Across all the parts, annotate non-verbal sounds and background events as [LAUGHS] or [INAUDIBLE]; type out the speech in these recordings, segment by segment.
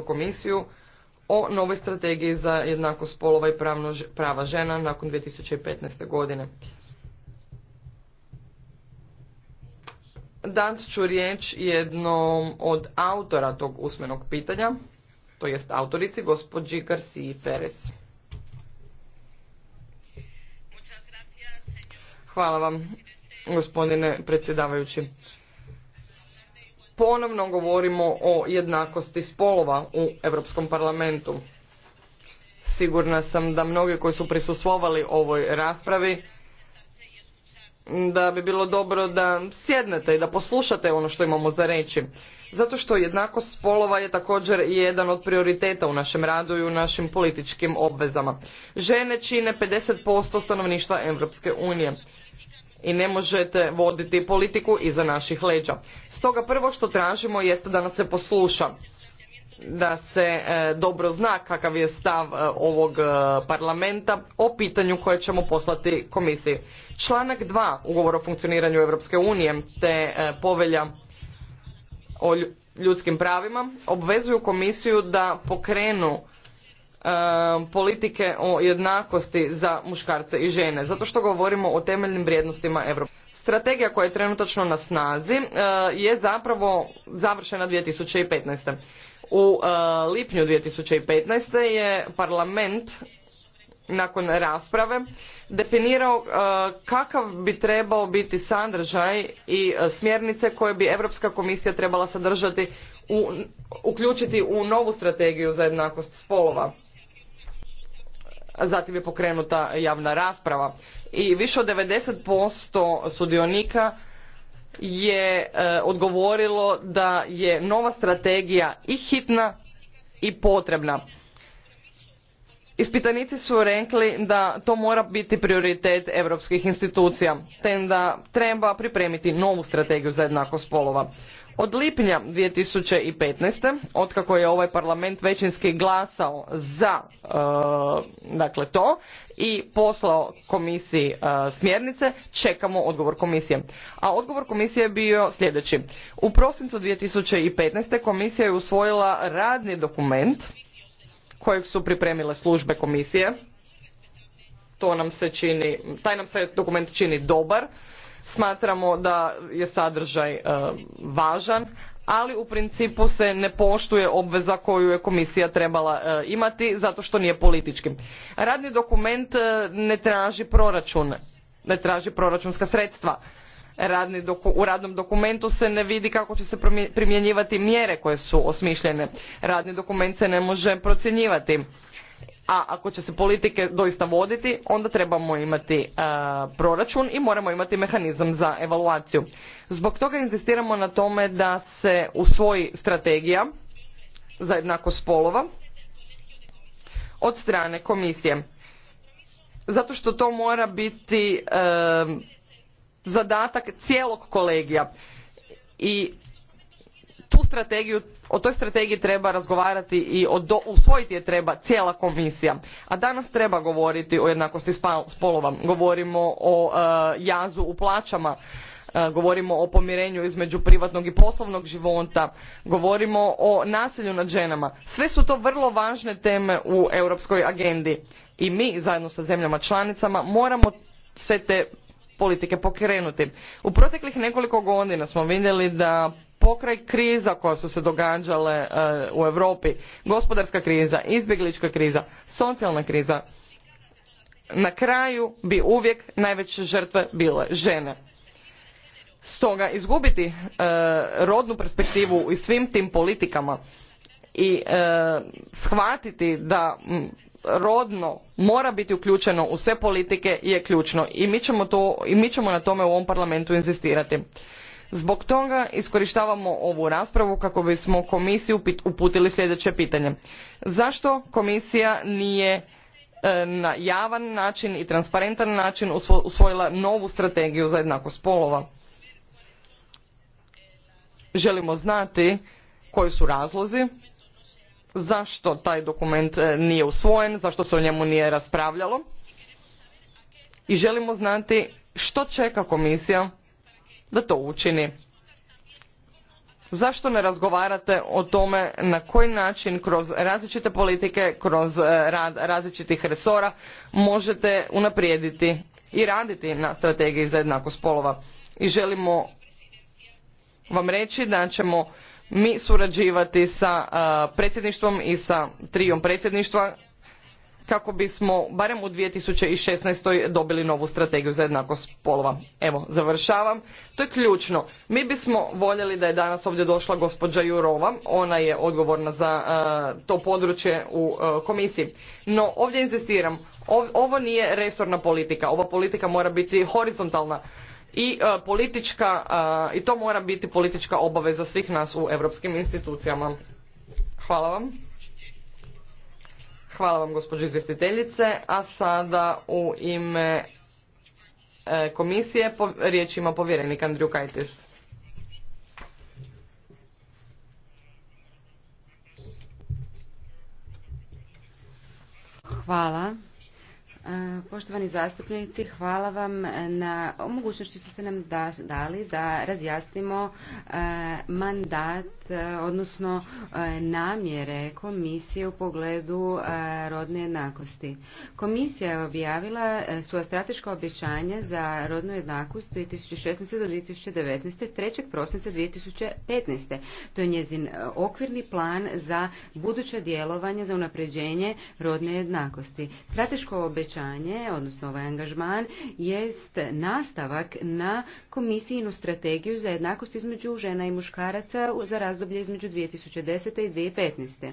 komisiju o novoj strategiji za jednakost spolova i pravno, prava žena nakon 2015. godine. Dat ću riječ jednom od autora tog usmenog pitanja, to jest autorici, gospođi Garciji Perez. Hvala vam, gospodine predsjedavajući ponovno govorimo o jednakosti spolova u Europskom parlamentu. Sigurna sam da mnogi koji su prisustvovali ovoj raspravi da bi bilo dobro da sjednete i da poslušate ono što imamo za reći. Zato što jednakost spolova je također jedan od prioriteta u našem radu i u našim političkim obvezama. Žene čine 50% stanovništva Europske unije i ne možete voditi politiku iza naših leđa. Stoga prvo što tražimo jeste da nas se posluša da se e, dobro zna kakav je stav e, ovog e, parlamenta o pitanju koje ćemo poslati komisiji. Članak 2 ugovora o funkcioniranju Europske unije te povelja o ljudskim pravima obvezuju komisiju da pokrenu Um, politike o jednakosti za muškarce i žene, zato što govorimo o temeljnim vrijednostima Europe. Strategija koja je trenutačno na snazi uh, je zapravo završena 2015. U uh, lipnju 2015. je parlament nakon rasprave definirao uh, kakav bi trebao biti sadržaj i smjernice koje bi Europska komisija trebala sadržati u, uključiti u novu strategiju za jednakost spolova zatim je pokrenuta javna rasprava i više od 90% sudionika je e, odgovorilo da je nova strategija i hitna i potrebna Ispitanici su rekli da to mora biti prioritet europskih institucija, te da treba pripremiti novu strategiju za jednakost spolova. Od lipnja 2015. otkako je ovaj parlament većinski glasao za e, dakle to i poslao komisiji e, smjernice, čekamo odgovor komisije. A odgovor komisije je bio sljedeći. U prosincu 2015. komisija je usvojila radni dokument kojeg su pripremile službe komisije. To nam se čini, taj nam se dokument čini dobar. Smatramo da je sadržaj e, važan, ali u principu se ne poštuje obveza koju je komisija trebala e, imati zato što nije politički. Radni dokument e, ne traži proračun, ne traži proračunska sredstva u radnom dokumentu se ne vidi kako će se primjenjivati mjere koje su osmišljene radni dokument se ne može procjenjivati a ako će se politike doista voditi onda trebamo imati e, proračun i moramo imati mehanizam za evaluaciju zbog toga inzistiramo na tome da se usvoji strategija za jednakost spolova od strane komisije zato što to mora biti e, zadatak cijelog kolegija i tu strategiju o toj strategiji treba razgovarati i usvojiti je treba cijela komisija a danas treba govoriti o jednakosti spolova govorimo o e, jazu u plaćama e, govorimo o pomirenju između privatnog i poslovnog života govorimo o nasilju nad ženama sve su to vrlo važne teme u europskoj agendi i mi zajedno sa zemljama članicama moramo sve te politike pokrenuti. U proteklih nekoliko godina smo vidjeli da pokraj kriza koja su se događale e, u Europi, gospodarska kriza, izbjeglička kriza, socijalna kriza, na kraju bi uvijek najveće žrtve bile žene. Stoga izgubiti e, rodnu perspektivu i svim tim politikama i e, shvatiti da rodno mora biti uključeno u sve politike je ključno i mi ćemo, i na tome u ovom parlamentu inzistirati. Zbog toga iskorištavamo ovu raspravu kako bismo komisiju uputili sljedeće pitanje. Zašto komisija nije e, na javan način i transparentan način usvojila novu strategiju za jednakost spolova? Želimo znati koji su razlozi zašto taj dokument e, nije usvojen, zašto se o njemu nije raspravljalo i želimo znati što čeka komisija da to učini. Zašto ne razgovarate o tome na koji način kroz različite politike, kroz e, rad različitih resora možete unaprijediti i raditi na strategiji za jednakost spolova. I želimo vam reći da ćemo mi surađivati sa predsjedništvom i sa trijom predsjedništva kako bismo barem u 2016. dobili novu strategiju za jednakost spolova. Evo, završavam. To je ključno. Mi bismo voljeli da je danas ovdje došla gospođa Jurova. Ona je odgovorna za to područje u komisiji. No, ovdje inzistiram ovo nije resorna politika. Ova politika mora biti horizontalna i e, e, i to mora biti politička obaveza svih nas u europskim institucijama. Hvala vam. Hvala vam gospođo izvjestiteljice, a sada u ime e, komisije riječ ima povjerenik Andriju Hvala. E, poštovani zastupnici, hvala vam na mogućnosti što ste nam dali da razjasnimo e, mandat E, odnosno e, namjere komisije u pogledu e, rodne jednakosti. Komisija je objavila svoja strateška obećanja za rodnu jednakost 2016. do 2019. 3. prosinca 2015. To je njezin okvirni plan za buduće djelovanje za unapređenje rodne jednakosti. Strateško obećanje, odnosno ovaj angažman, jest nastavak na komisijinu strategiju za jednakost između žena i muškaraca za razdoblje između 2010. i 2015.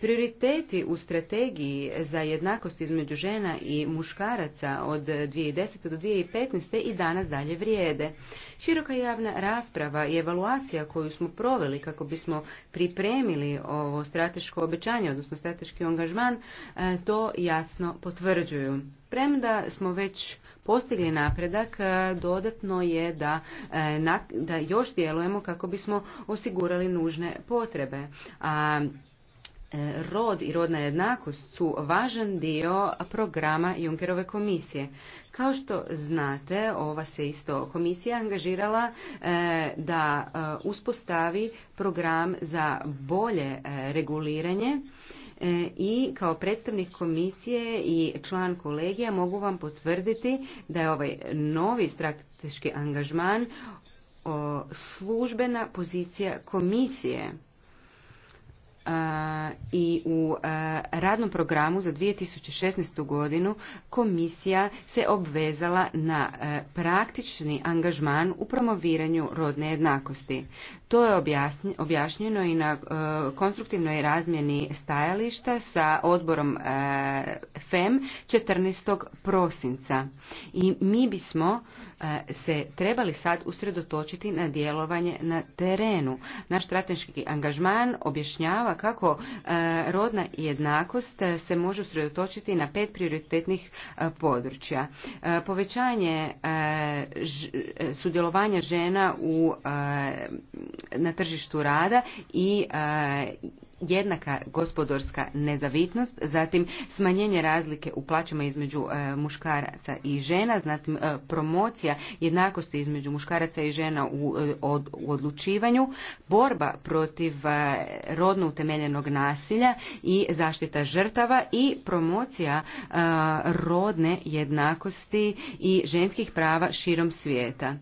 Prioriteti u strategiji za jednakost između žena i muškaraca od 2010. do 2015. i danas dalje vrijede. Široka javna rasprava i evaluacija koju smo proveli kako bismo pripremili ovo strateško obećanje, odnosno strateški angažman, e, to jasno potvrđuju. Premda smo već postigli napredak e, dodatno je da, e, da još djelujemo kako bismo osigurali nužne potrebe. A e, rod i rodna jednakost su važan dio programa Junkerove komisije. Kao što znate, ova se isto komisija angažirala da uspostavi program za bolje reguliranje E, i kao predstavnik komisije i član kolegija mogu vam potvrditi da je ovaj novi strateški angažman službena pozicija komisije i u radnom programu za 2016. godinu komisija se obvezala na praktični angažman u promoviranju rodne jednakosti. To je objašnjeno i na konstruktivnoj razmjeni stajališta sa odborom FEM 14. prosinca. I mi bismo E, se trebali sad usredotočiti na djelovanje na terenu. Naš strateški angažman objašnjava kako e, rodna jednakost e, se može usredotočiti na pet prioritetnih područja. Povećanje sudjelovanja žena u, na tržištu rada i jednaka gospodarska nezavitnost, zatim smanjenje razlike u plaćama između e, muškaraca i žena, zatim e, promocija jednakosti između muškaraca i žena u, e, u odlučivanju, borba protiv rodno utemeljenog nasilja i zaštita žrtava i promocija rodne jednakosti i ženskih prava širom svijeta.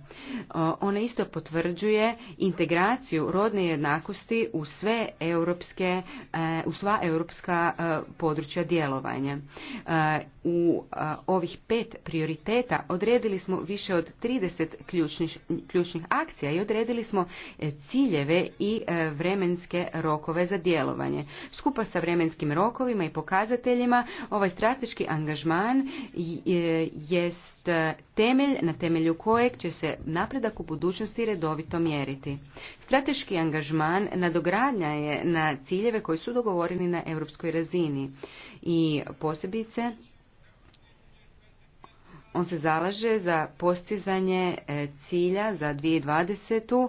Ona isto potvrđuje integraciju rodne jednakosti u sve europske Eh, u sva europska eh, područja djelovanja. Eh, u ovih pet prioriteta odredili smo više od 30 ključnih, ključnih akcija i odredili smo ciljeve i vremenske rokove za djelovanje. Skupa sa vremenskim rokovima i pokazateljima ovaj strateški angažman jest temelj na temelju kojeg će se napredak u budućnosti redovito mjeriti. Strateški angažman nadogradnja je na cilj ciljeve koji su dogovoreni na europskoj razini i posebice on se zalaže za postizanje e, cilja za 2020. E,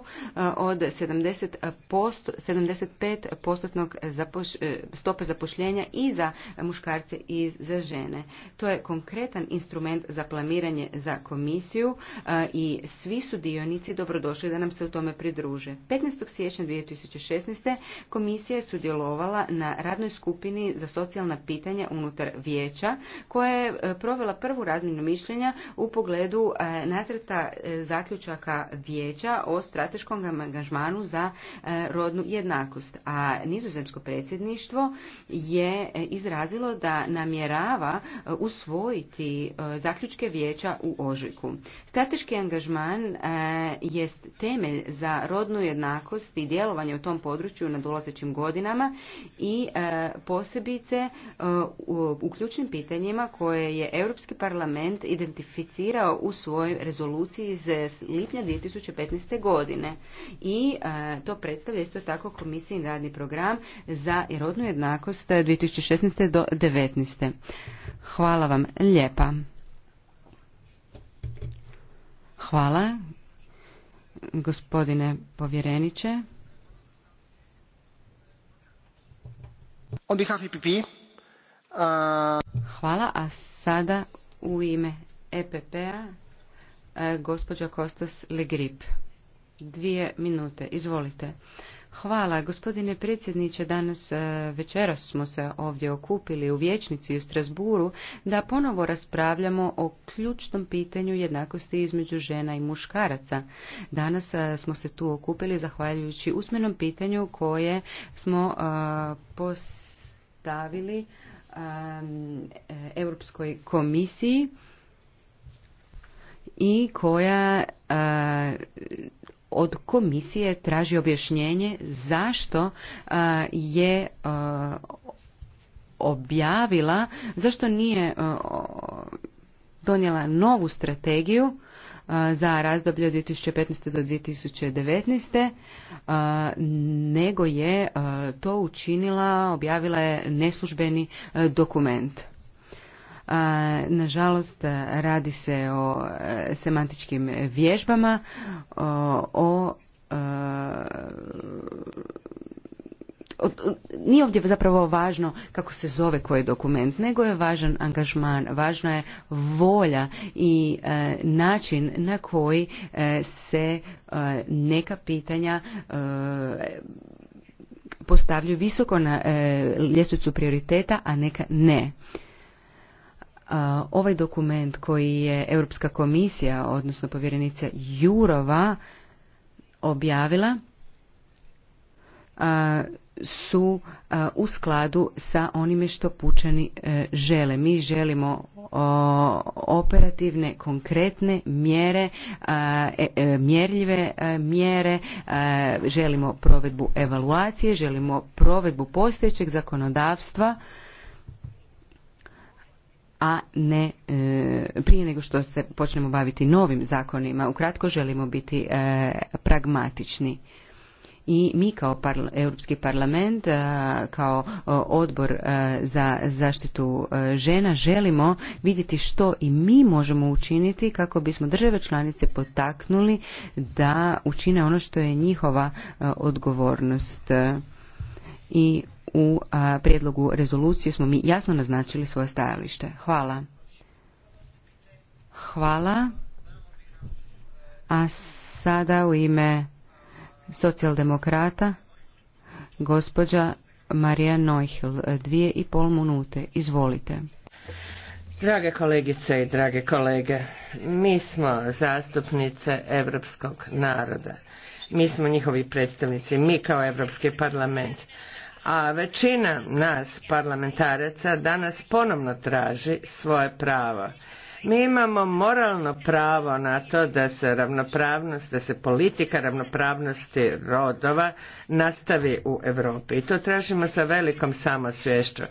od 75% e, stope zapošljenja i za muškarce i za žene. To je konkretan instrument za planiranje za komisiju i svi su dionici dobrodošli da nam se u tome pridruže. 15. siječnja 2016. komisija je sudjelovala na radnoj skupini za socijalna pitanja unutar vijeća koja je provela prvu razminu mišljenja mišljenja u pogledu e, nacrta e, zaključaka vijeća o strateškom angažmanu za e, rodnu jednakost. A nizozemsko predsjedništvo je izrazilo da namjerava usvojiti zaključke vijeća u ožujku. Strateški angažman jest temelj za rodnu jednakost i djelovanje u tom području na dolazećim godinama i posebice u ključnim pitanjima koje je Europski parlament i identificirao u svojoj rezoluciji iz lipnja 2015. godine i e, to predstavlja isto tako komisijin radni program za rodnu jednakost 2016. do 2019. Hvala vam lijepa. Hvala, gospodine povjereniče. E uh, Hvala, a sada u ime EPP-a, e, gospođa Kostas Legrip. Dvije minute, izvolite. Hvala, gospodine predsjedniče, danas e, večeras smo se ovdje okupili u Vječnici u Strasburu da ponovo raspravljamo o ključnom pitanju jednakosti između žena i muškaraca. Danas e, smo se tu okupili zahvaljujući usmenom pitanju koje smo postavili Europskoj komisiji i koja od komisije traži objašnjenje zašto je objavila, zašto nije donijela novu strategiju za razdoblje od 2015. do 2019. nego je to učinila, objavila je neslužbeni dokument. Nažalost, radi se o e, semantičkim vježbama, e, o nije ovdje zapravo važno kako se zove koji dokument, nego je važan angažman, važna je volja i e, način na koji se neka pitanja postavljaju visoko na ljestvicu prioriteta, a neka ne ovaj dokument koji je Europska komisija, odnosno povjerenica Jurova objavila, su u skladu sa onime što pučani e, žele. Mi želimo operativne, konkretne mjere, e, e, mjerljive mjere, želimo provedbu evaluacije, želimo provedbu postojećeg zakonodavstva, a ne e, prije nego što se počnemo baviti novim zakonima. Ukratko želimo biti e, pragmatični. I mi kao Europski parlament, e, kao odbor za zaštitu žena želimo vidjeti što i mi možemo učiniti kako bismo države članice potaknuli da učine ono što je njihova odgovornost. I u prijedlogu rezolucije smo mi jasno naznačili svoje stajalište. Hvala. Hvala. A sada u ime socijaldemokrata gospođa Marija Nojhil, dvije i pol minute. Izvolite. Drage kolegice i drage kolege, mi smo zastupnice europskog naroda. Mi smo njihovi predstavnici, mi kao Europski parlament a većina nas parlamentaraca danas ponovno traži svoje pravo. Mi imamo moralno pravo na to da se ravnopravnost, da se politika ravnopravnosti rodova nastavi u Europi. I to tražimo sa velikom samosvješću.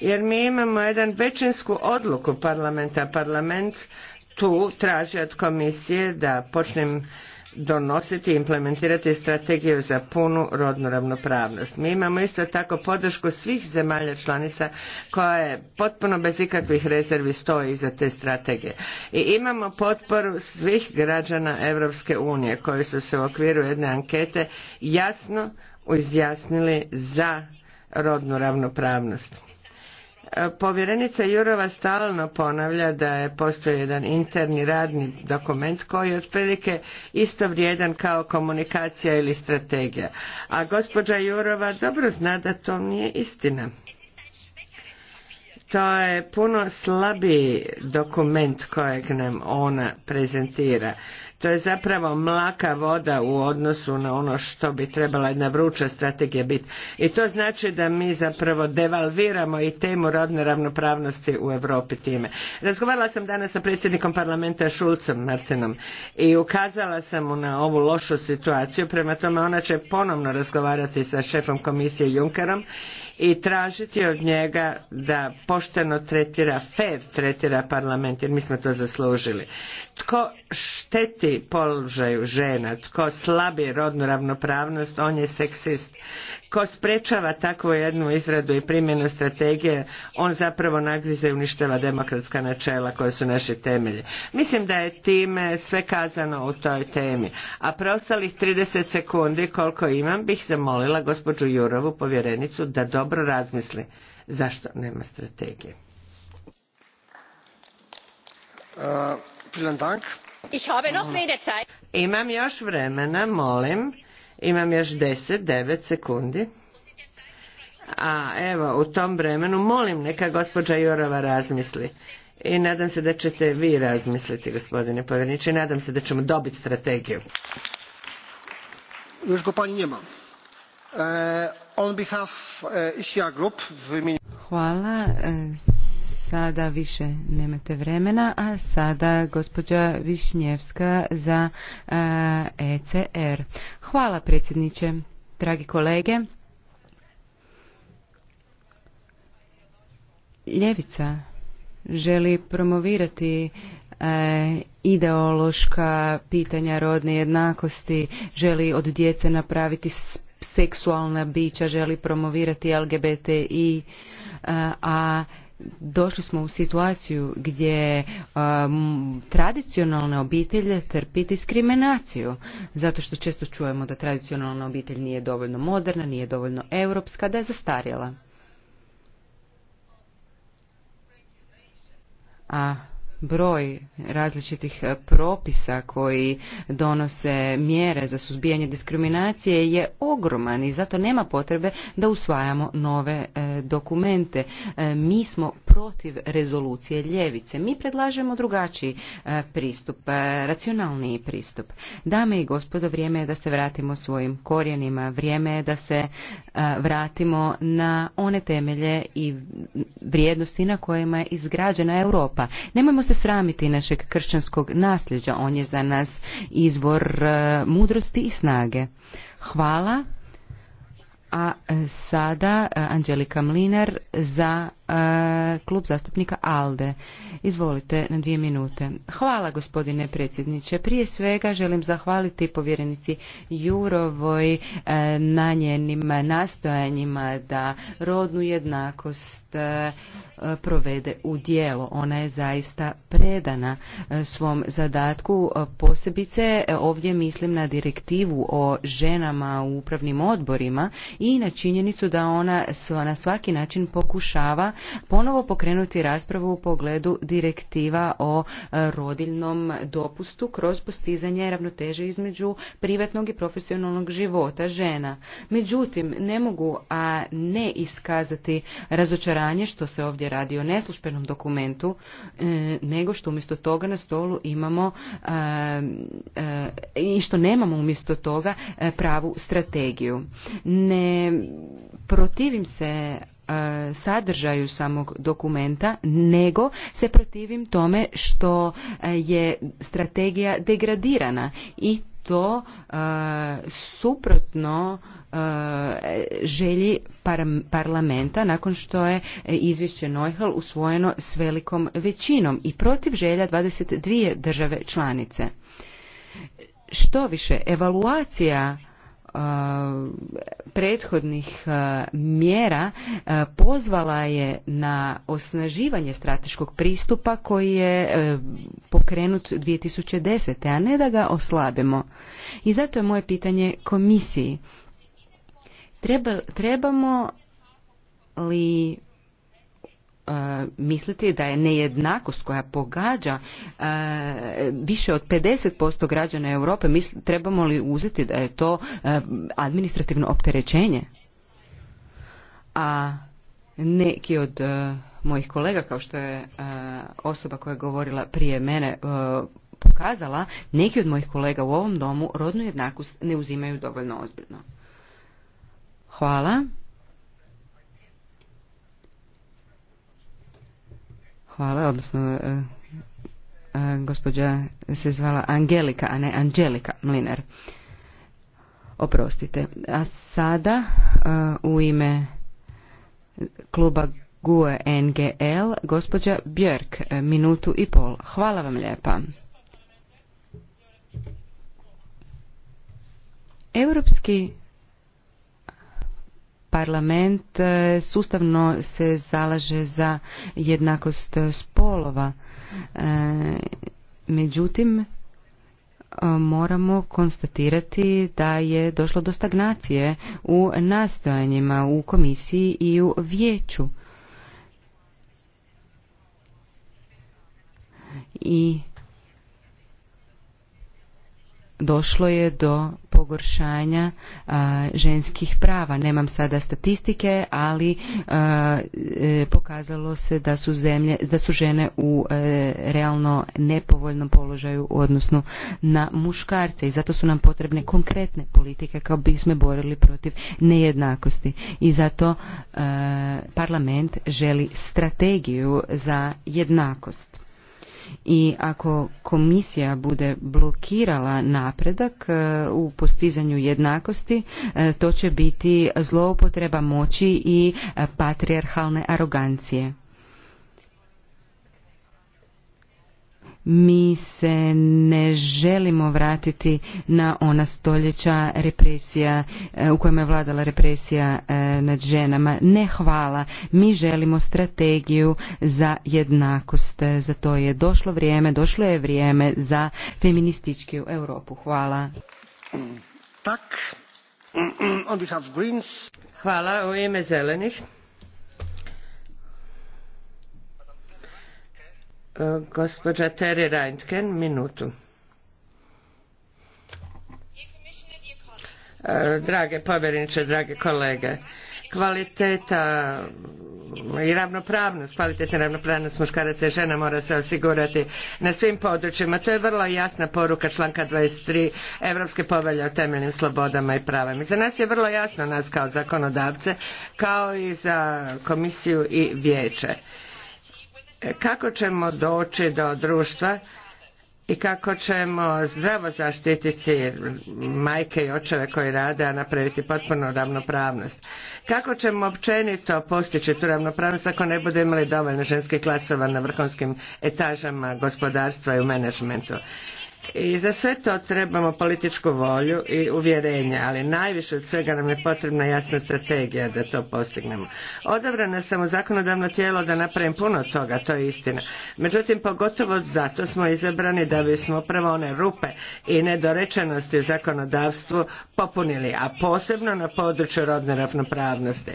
Jer mi imamo jedan većinsku odluku parlamenta. Parlament tu traži od komisije da počnem donositi i implementirati strategiju za punu rodnu ravnopravnost. Mi imamo isto tako podršku svih zemalja članica koja je potpuno bez ikakvih rezervi stoji iza te strategije. I imamo potporu svih građana Europske unije koji su se u okviru jedne ankete jasno izjasnili za rodnu ravnopravnost. E, povjerenica Jurova stalno ponavlja da je postoji jedan interni radni dokument koji je otprilike isto vrijedan kao komunikacija ili strategija. A gospođa Jurova dobro zna da to nije istina. To je puno slabiji dokument kojeg nam ona prezentira. To je zapravo mlaka voda u odnosu na ono što bi trebala jedna vruća strategija biti. I to znači da mi zapravo devalviramo i temu rodne ravnopravnosti u Europi time. Razgovarala sam danas sa predsjednikom parlamenta Šulcom Martinom i ukazala sam mu na ovu lošu situaciju, prema tome ona će ponovno razgovarati sa šefom komisije Junkerom i tražiti od njega da pošteno tretira, fer tretira parlament, jer mi smo to zaslužili. Tko šteti položaju žena, tko slabi rodnu ravnopravnost, on je seksist ko sprečava takvu jednu izradu i primjenu strategije, on zapravo nagrize i uništava demokratska načela koja su naše temelje. Mislim da je time sve kazano u toj temi. A preostalih 30 sekundi koliko imam bih zamolila gospođu Jurovu povjerenicu da dobro razmisli zašto nema strategije. Uh, Imam još vremena, molim. Imam još 10, 9 sekundi. A evo, u tom vremenu molim neka gospođa Jorova razmisli. I nadam se da ćete vi razmisliti, gospodine povjerniče, i nadam se da ćemo dobiti strategiju. Još go pani e, on behalf e, Hvala. E, sada više nemate vremena, a sada gospođa Višnjevska za ECR. E Hvala predsjedniče, dragi kolege. Ljevica želi promovirati e, ideološka pitanja rodne jednakosti, želi od djece napraviti seksualna bića, želi promovirati LGBTI, e, a došli smo u situaciju gdje um, tradicionalne obitelje trpi diskriminaciju zato što često čujemo da tradicionalna obitelj nije dovoljno moderna nije dovoljno europska da je zastarjela a broj različitih e, propisa koji donose mjere za suzbijanje diskriminacije je ogroman i zato nema potrebe da usvajamo nove e, dokumente. E, mi smo protiv rezolucije ljevice. Mi predlažemo drugačiji pristup, racionalniji pristup. Dame i gospodo, vrijeme je da se vratimo svojim korijenima, vrijeme je da se vratimo na one temelje i vrijednosti na kojima je izgrađena Europa. Nemojmo se sramiti našeg kršćanskog nasljeđa. On je za nas izvor e, mudrosti i snage. Hvala. A e, sada e, Anđelika Mlinar za E, klub zastupnika ALDE. Izvolite na dvije minute. Hvala gospodine predsjedniče. Prije svega želim zahvaliti povjerenici Jurovoj e, na njenim nastojanjima da rodnu jednakost e, provede u dijelo. Ona je zaista predana svom zadatku. Posebice ovdje mislim na direktivu o ženama u upravnim odborima i na činjenicu da ona na svaki način pokušava ponovo pokrenuti raspravu u pogledu direktiva o e, rodiljnom dopustu kroz postizanje ravnoteže između privatnog i profesionalnog života žena. Međutim, ne mogu a ne iskazati razočaranje što se ovdje radi o neslušpenom dokumentu, e, nego što umjesto toga na stolu imamo e, i što nemamo umjesto toga pravu strategiju. Ne protivim se E, sadržaju samog dokumenta, nego se protivim tome što e, je strategija degradirana i to e, suprotno želji parlamenta nakon što je izvješće Neuhel usvojeno s velikom većinom i protiv želja 22 države članice. Što više, evaluacija prethodnih mjera pozvala je na osnaživanje strateškog pristupa koji je e, pokrenut 2010. a ne da ga oslabimo. I zato je moje pitanje komisiji. trebamo li E, misliti da je nejednakost koja pogađa e, više od 50% građana Europe, trebamo li uzeti da je to e, administrativno opterećenje? A neki od mojih kolega, kao što je osoba koja je govorila prije mene, pokazala, neki od mojih kolega u ovom domu rodnu jednakost ne uzimaju dovoljno ozbiljno. Hvala. Hvala, odnosno e, e, gospođa se zvala Angelika, a ne Angelika Mlinar. Oprostite. A sada e, u ime kluba GUE NGL, gospođa Björk, minutu i pol. Hvala vam lijepa. Europski parlament e, sustavno se zalaže za jednakost spolova. E, međutim, e, moramo konstatirati da je došlo do stagnacije u nastojanjima u komisiji i u vijeću. I došlo je do pogoršanja ženskih prava. Nemam sada statistike, ali e, pokazalo se da su, zemlje, da su žene u e, realno nepovoljnom položaju odnosno na muškarce i zato su nam potrebne konkretne politike kao bismo borili protiv nejednakosti. I zato e, parlament želi strategiju za jednakost i ako komisija bude blokirala napredak e, u postizanju jednakosti, e, to će biti zloupotreba moći i e, patrijarhalne arogancije. mi se ne želimo vratiti na ona stoljeća represija e, u kojima je vladala represija e, nad ženama. Ne hvala, mi želimo strategiju za jednakost. E, za to je došlo vrijeme, došlo je vrijeme za feministički Europu. Hvala. Tak. Mm, mm, on Greens. Hvala u ime zelenih. Gospođa Terry Reintgen, minutu. E, drage povjereniče, drage kolege, kvaliteta i ravnopravnost, kvalitetna ravnopravnost muškaraca i žena mora se osigurati na svim područjima. To je vrlo jasna poruka članka 23 Evropske povelje o temeljnim slobodama i pravima. Za nas je vrlo jasno, nas kao zakonodavce, kao i za komisiju i vijeće kako ćemo doći do društva i kako ćemo zdravo zaštititi majke i očeve koji rade, a napraviti potpuno ravnopravnost. Kako ćemo općenito postići tu ravnopravnost ako ne budemo imali dovoljno ženskih klasova na vrhunskim etažama gospodarstva i u menadžmentu. I za sve to trebamo političku volju i uvjerenje, ali najviše od svega nam je potrebna jasna strategija da to postignemo. Odabrana sam u zakonodavno tijelo da napravim puno toga, to je istina. Međutim, pogotovo zato smo izabrani da bismo upravo one rupe i nedorečenosti u zakonodavstvu popunili, a posebno na području rodne ravnopravnosti.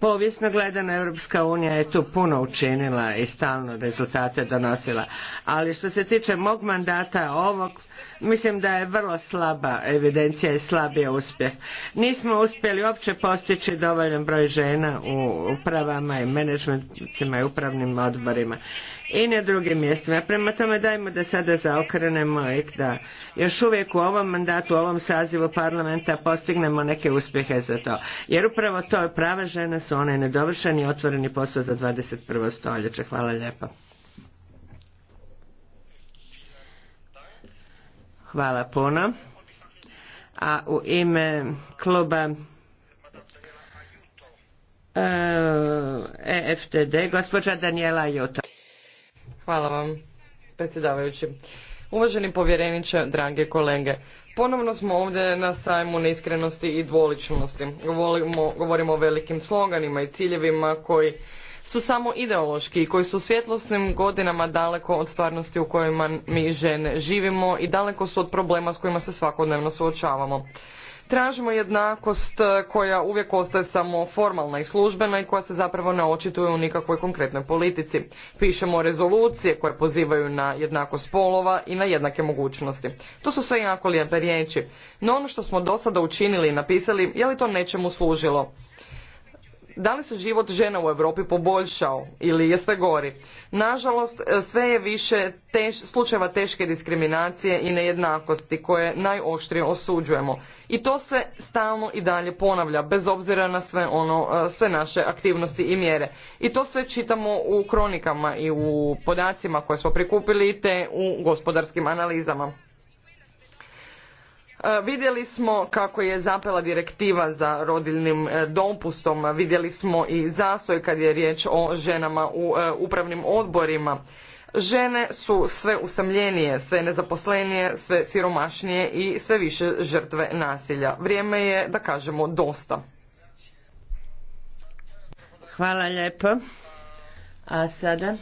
Povijesno gledano, Europska unija je tu puno učinila i stalno rezultate donosila. Ali što se tiče mog mandata, ovog mislim da je vrlo slaba evidencija i slab uspjeh. Nismo uspjeli uopće postići dovoljan broj žena u upravama i menadžmentima i upravnim odborima i na drugim mjestima. Prema tome dajmo da sada zaokrenemo i da još uvijek u ovom mandatu, u ovom sazivu parlamenta postignemo neke uspjehe za to. Jer upravo to je prava žena su one nedovršeni i otvoreni posao za 21. stoljeće. Hvala lijepo. Hvala puno. A u ime kluba EFTD, e gospođa Daniela Juta. Hvala vam, predsjedavajući. Uvaženi povjereniče, drage kolege, ponovno smo ovdje na sajmu neiskrenosti i dvoličnosti. govorimo o velikim sloganima i ciljevima koji su samo ideološki i koji su svjetlosnim godinama daleko od stvarnosti u kojima mi žene živimo i daleko su od problema s kojima se svakodnevno suočavamo. Tražimo jednakost koja uvijek ostaje samo formalna i službena i koja se zapravo ne očituje u nikakvoj konkretnoj politici. Pišemo rezolucije koje pozivaju na jednakost spolova i na jednake mogućnosti. To su sve jako lijepe riječi. No ono što smo do sada učinili i napisali, je li to nečemu služilo? da li se život žena u Europi poboljšao ili je sve gori? Nažalost, sve je više teš, slučajeva teške diskriminacije i nejednakosti koje najoštrije osuđujemo. I to se stalno i dalje ponavlja, bez obzira na sve, ono, e, sve naše aktivnosti i mjere. I to sve čitamo u kronikama i u podacima koje smo prikupili te u gospodarskim analizama. E, vidjeli smo kako je zapela direktiva za rodiljnim e, dopustom, vidjeli smo i zastoj kad je riječ o ženama u e, upravnim odborima. Žene su sve usamljenije, sve nezaposlenije, sve siromašnije i sve više žrtve nasilja. Vrijeme je da kažemo dosta. Hvala lijepo. A sada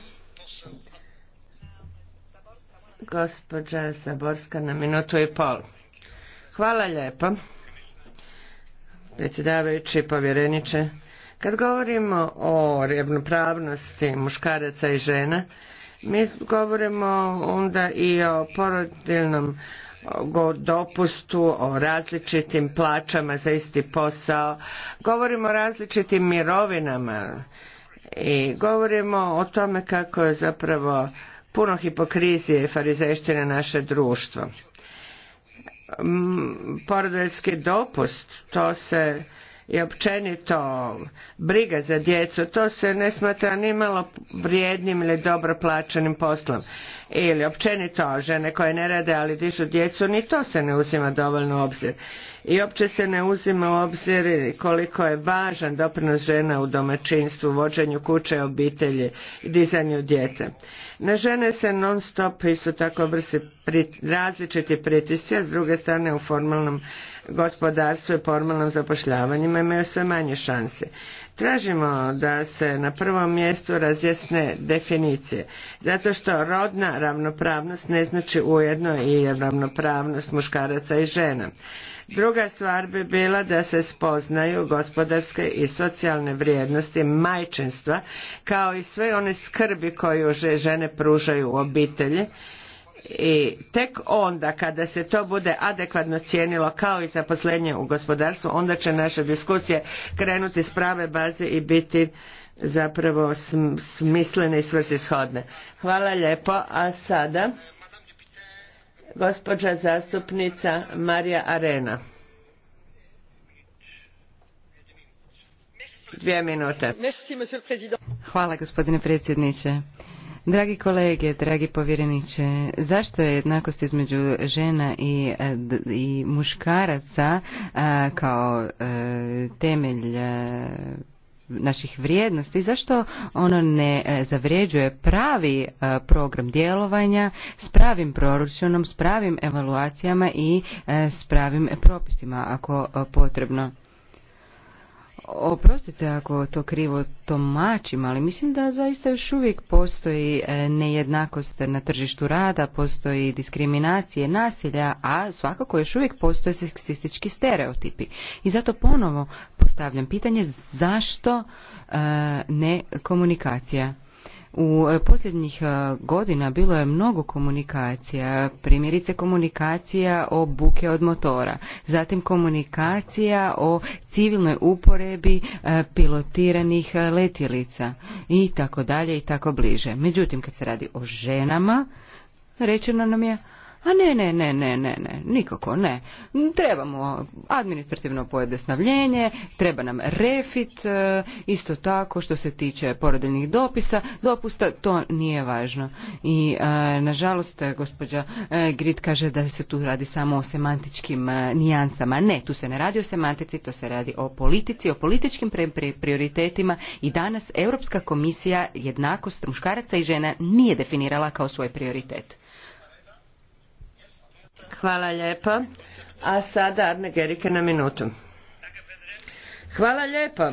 gospođa Saborska na i Hvala lijepa, predsjedavajući povjereniče. Kad govorimo o ravnopravnosti muškaraca i žena, mi govorimo onda i o porodilnom dopustu, o različitim plaćama za isti posao, govorimo o različitim mirovinama i govorimo o tome kako je zapravo puno hipokrizije i farizeštine naše društvo. Mm, porodiljski dopust, to se i općenito briga za djecu, to se ne smatra ni malo vrijednim ili dobro plaćenim poslom. Ili općenito žene koje ne rade ali dižu djecu, ni to se ne uzima dovoljno u obzir. I opće se ne uzima u obzir koliko je važan doprinos žena u domaćinstvu, vođenju kuće, obitelji i dizanju djece. Na žene se non stop isto tako vrsi različiti pritisci, a s druge strane u formalnom gospodarstvu i formalnom zapošljavanjima imaju sve manje šanse. Tražimo da se na prvom mjestu razjasne definicije, zato što rodna ravnopravnost ne znači ujedno i ravnopravnost muškaraca i žena. Druga stvar bi bila da se spoznaju gospodarske i socijalne vrijednosti majčinstva kao i sve one skrbi koju žene pružaju u obitelji i tek onda kada se to bude adekvatno cijenilo kao i zaposlenje u gospodarstvu onda će naše diskusije krenuti s prave baze i biti zapravo smislene i svrsishodne. Hvala lijepo. A sada Gospođa zastupnica Marija Arena. Dvije minute. Hvala gospodine predsjedniče. Dragi kolege, dragi povjereniče, zašto je jednakost između žena i, muškaraca kao e, temelj e, naših vrijednosti, zašto ono ne e, zavređuje pravi e, program djelovanja s pravim proračunom, s pravim evaluacijama i e, s pravim propisima ako potrebno. Oprostite ako to krivo tomačim, ali mislim da zaista još uvijek postoji e, nejednakost na tržištu rada, postoji diskriminacije, nasilja, a svakako još uvijek postoje seksistički stereotipi. I zato ponovo postavljam pitanje zašto e, ne komunikacija u e, posljednjih e, godina bilo je mnogo komunikacija, primjerice komunikacija o buke od motora, zatim komunikacija o civilnoj uporebi e, pilotiranih letjelica i tako dalje i tako bliže. Međutim, kad se radi o ženama, rečeno nam je, a pa ne, ne, ne, ne, ne, ne, nikako ne. Trebamo administrativno pojednostavljenje, treba nam refit, e, isto tako što se tiče porodiljnih dopisa, dopusta, to nije važno. I e, nažalost, gospođa e, Grit kaže da se tu radi samo o semantičkim nijansama. Ne, tu se ne radi o semantici, to se radi o politici, o političkim prioritetima i danas Europska komisija jednakost muškaraca i žena nije definirala kao svoj prioritet. Hvala lijepo. A sada Arne Gerike na minutu. Hvala lijepo.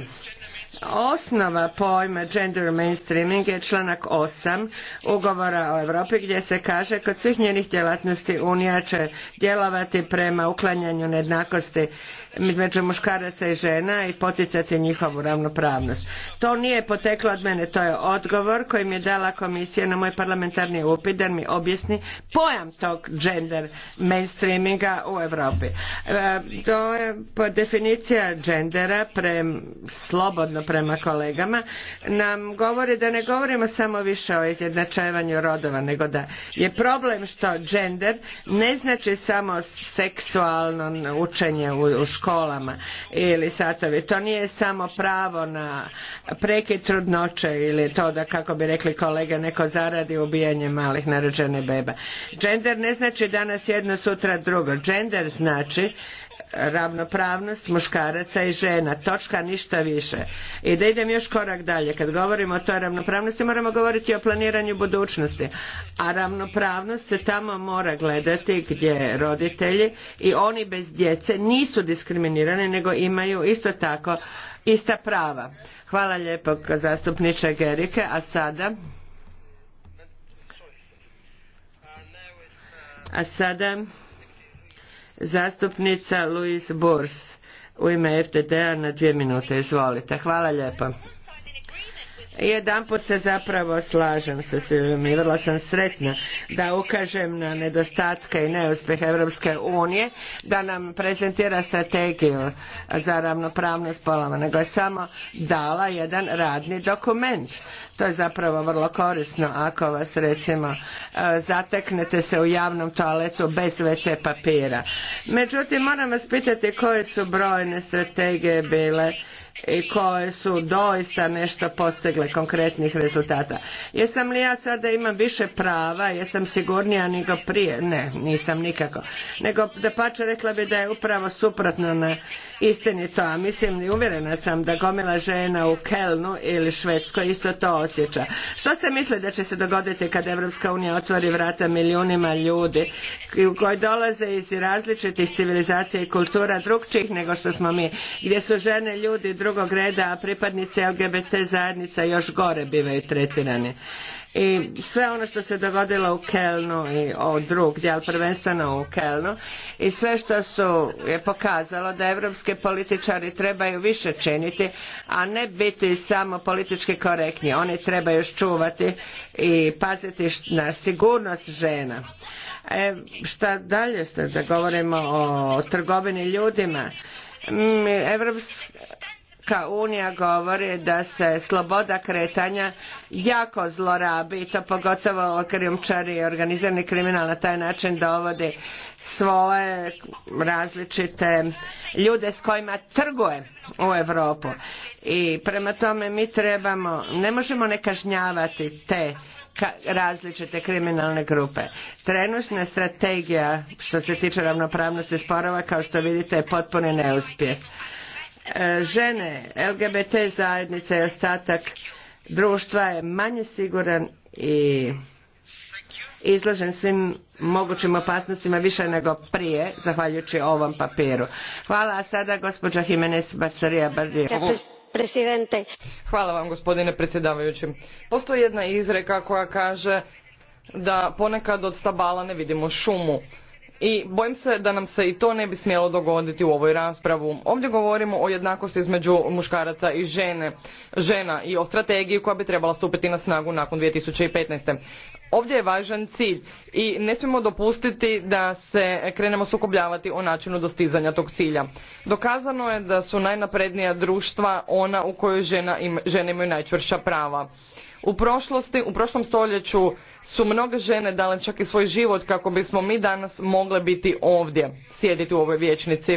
Osnova pojma gender mainstreaming je članak 8 ugovora o Europi gdje se kaže kod svih njenih djelatnosti Unija će djelovati prema uklanjanju nejednakosti između muškaraca i žena i poticati njihovu ravnopravnost. To nije poteklo od mene, to je odgovor koji mi je dala komisija na moj parlamentarni upit da mi objasni pojam tog gender mainstreaminga u Europi. E, to je definicija gendera slobodno prema kolegama nam govori da ne govorimo samo više o izjednačavanju rodova nego da je problem što gender ne znači samo seksualno učenje u kolama ili satovi. To nije samo pravo na prekid trudnoće ili to da, kako bi rekli kolege, neko zaradi ubijanje malih narođene beba. Gender ne znači danas jedno, sutra drugo. Gender znači ravnopravnost muškaraca i žena, točka ništa više. I da idem još korak dalje, kad govorimo o toj ravnopravnosti moramo govoriti o planiranju budućnosti, a ravnopravnost se tamo mora gledati gdje roditelji i oni bez djece nisu diskriminirani nego imaju isto tako ista prava. Hvala lijepo zastupniče Gerike, a sada... A sada zastupnica Louise Burs u ime ftd na dvije minute. Izvolite. Hvala lijepa jedanput se zapravo slažem sa svim i vrlo sam sretna da ukažem na nedostatke i neuspjeh Europske unije da nam prezentira strategiju za ravnopravnost spolova nego je samo dala jedan radni dokument to je zapravo vrlo korisno ako vas recimo e, zateknete se u javnom toaletu bez WC papira međutim moram vas pitati koje su brojne strategije bile i koje su doista nešto postigle konkretnih rezultata. Jesam li ja sada imam više prava, jesam sigurnija nego prije? Ne, nisam nikako. Nego da pače rekla bi da je upravo suprotno na to. a mislim i uvjerena sam da gomila žena u Kelnu ili Švedskoj isto to osjeća. Što se misli da će se dogoditi kad Evropska unija otvori vrata milijunima ljudi koji dolaze iz različitih civilizacija i kultura drugčih nego što smo mi, gdje su žene ljudi drugog reda, a pripadnici LGBT zajednica još gore bivaju tretirani. I sve ono što se dogodilo u Kelnu i o drugdje, ali prvenstveno u Kelnu i sve što su je pokazalo da europski političari trebaju više činiti, a ne biti samo politički korektni. Oni trebaju čuvati i paziti na sigurnost žena. E, šta dalje ste da govorimo o trgovini ljudima? Mm, Evropska Europska unija govori da se sloboda kretanja jako zlorabi i to pogotovo krijumčari i organizirani kriminal na taj način dovodi svoje različite ljude s kojima trguje u Europu. I prema tome mi trebamo, ne možemo ne kažnjavati te različite kriminalne grupe. Trenutna strategija što se tiče ravnopravnosti sporova kao što vidite je potpuni neuspjeh. E, žene, LGBT zajednica i ostatak društva je manje siguran i izložen svim mogućim opasnostima više nego prije, zahvaljujući ovom papiru. Hvala, a sada gospođa Jimenez Bacarija Barrio. Hvala vam gospodine predsjedavajući. Postoji jedna izreka koja kaže da ponekad od stabala ne vidimo šumu i bojim se da nam se i to ne bi smjelo dogoditi u ovoj raspravu. Ovdje govorimo o jednakosti između muškaraca i žena i o strategiji koja bi trebala stupiti na snagu nakon 2015. Ovdje je važan cilj i ne smijemo dopustiti da se krenemo sukobljavati o načinu dostizanja tog cilja. Dokazano je da su najnaprednija društva ona u kojoj žene imaju najčvrša prava u, prošlosti, u prošlom stoljeću su mnoge žene dale čak i svoj život kako bismo mi danas mogle biti ovdje, sjediti u ovoj vijećnici,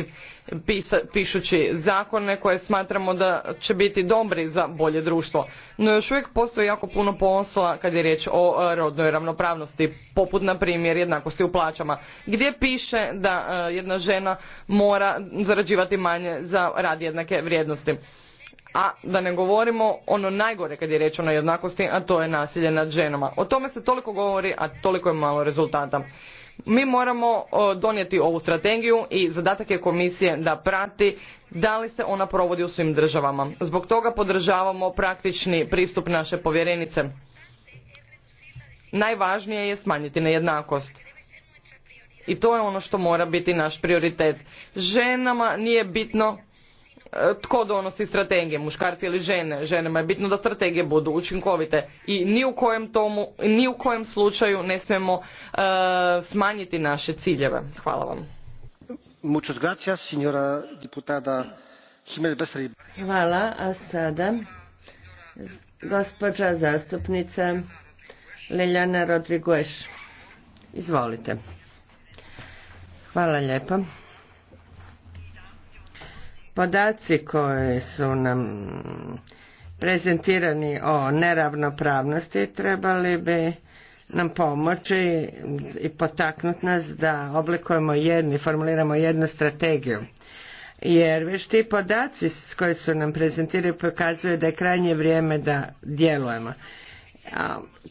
pišući zakone koje smatramo da će biti dobri za bolje društvo. No još uvijek postoji jako puno posla kad je riječ o e, rodnoj ravnopravnosti, poput na primjer jednakosti u plaćama, gdje piše da e, jedna žena mora zarađivati manje za rad jednake vrijednosti a da ne govorimo ono najgore kad je riječ o nejednakosti, a to je nasilje nad ženama. O tome se toliko govori, a toliko je malo rezultata. Mi moramo donijeti ovu strategiju i zadatak je komisije da prati da li se ona provodi u svim državama. Zbog toga podržavamo praktični pristup naše povjerenice. Najvažnije je smanjiti nejednakost. I to je ono što mora biti naš prioritet. Ženama nije bitno E, tko donosi strategije, muškarci ili žene. Ženama je bitno da strategije budu učinkovite i ni u kojem, tomu, ni u kojem slučaju ne smijemo e, smanjiti naše ciljeve. Hvala vam. Hvala, a sada gospođa zastupnica Leljana Rodriguez. Izvolite. Hvala lijepa. Podaci koje su nam prezentirani o neravnopravnosti trebali bi nam pomoći i potaknuti nas da oblikujemo jednu i formuliramo jednu strategiju. Jer već ti podaci koji su nam prezentirali pokazuju da je krajnje vrijeme da djelujemo.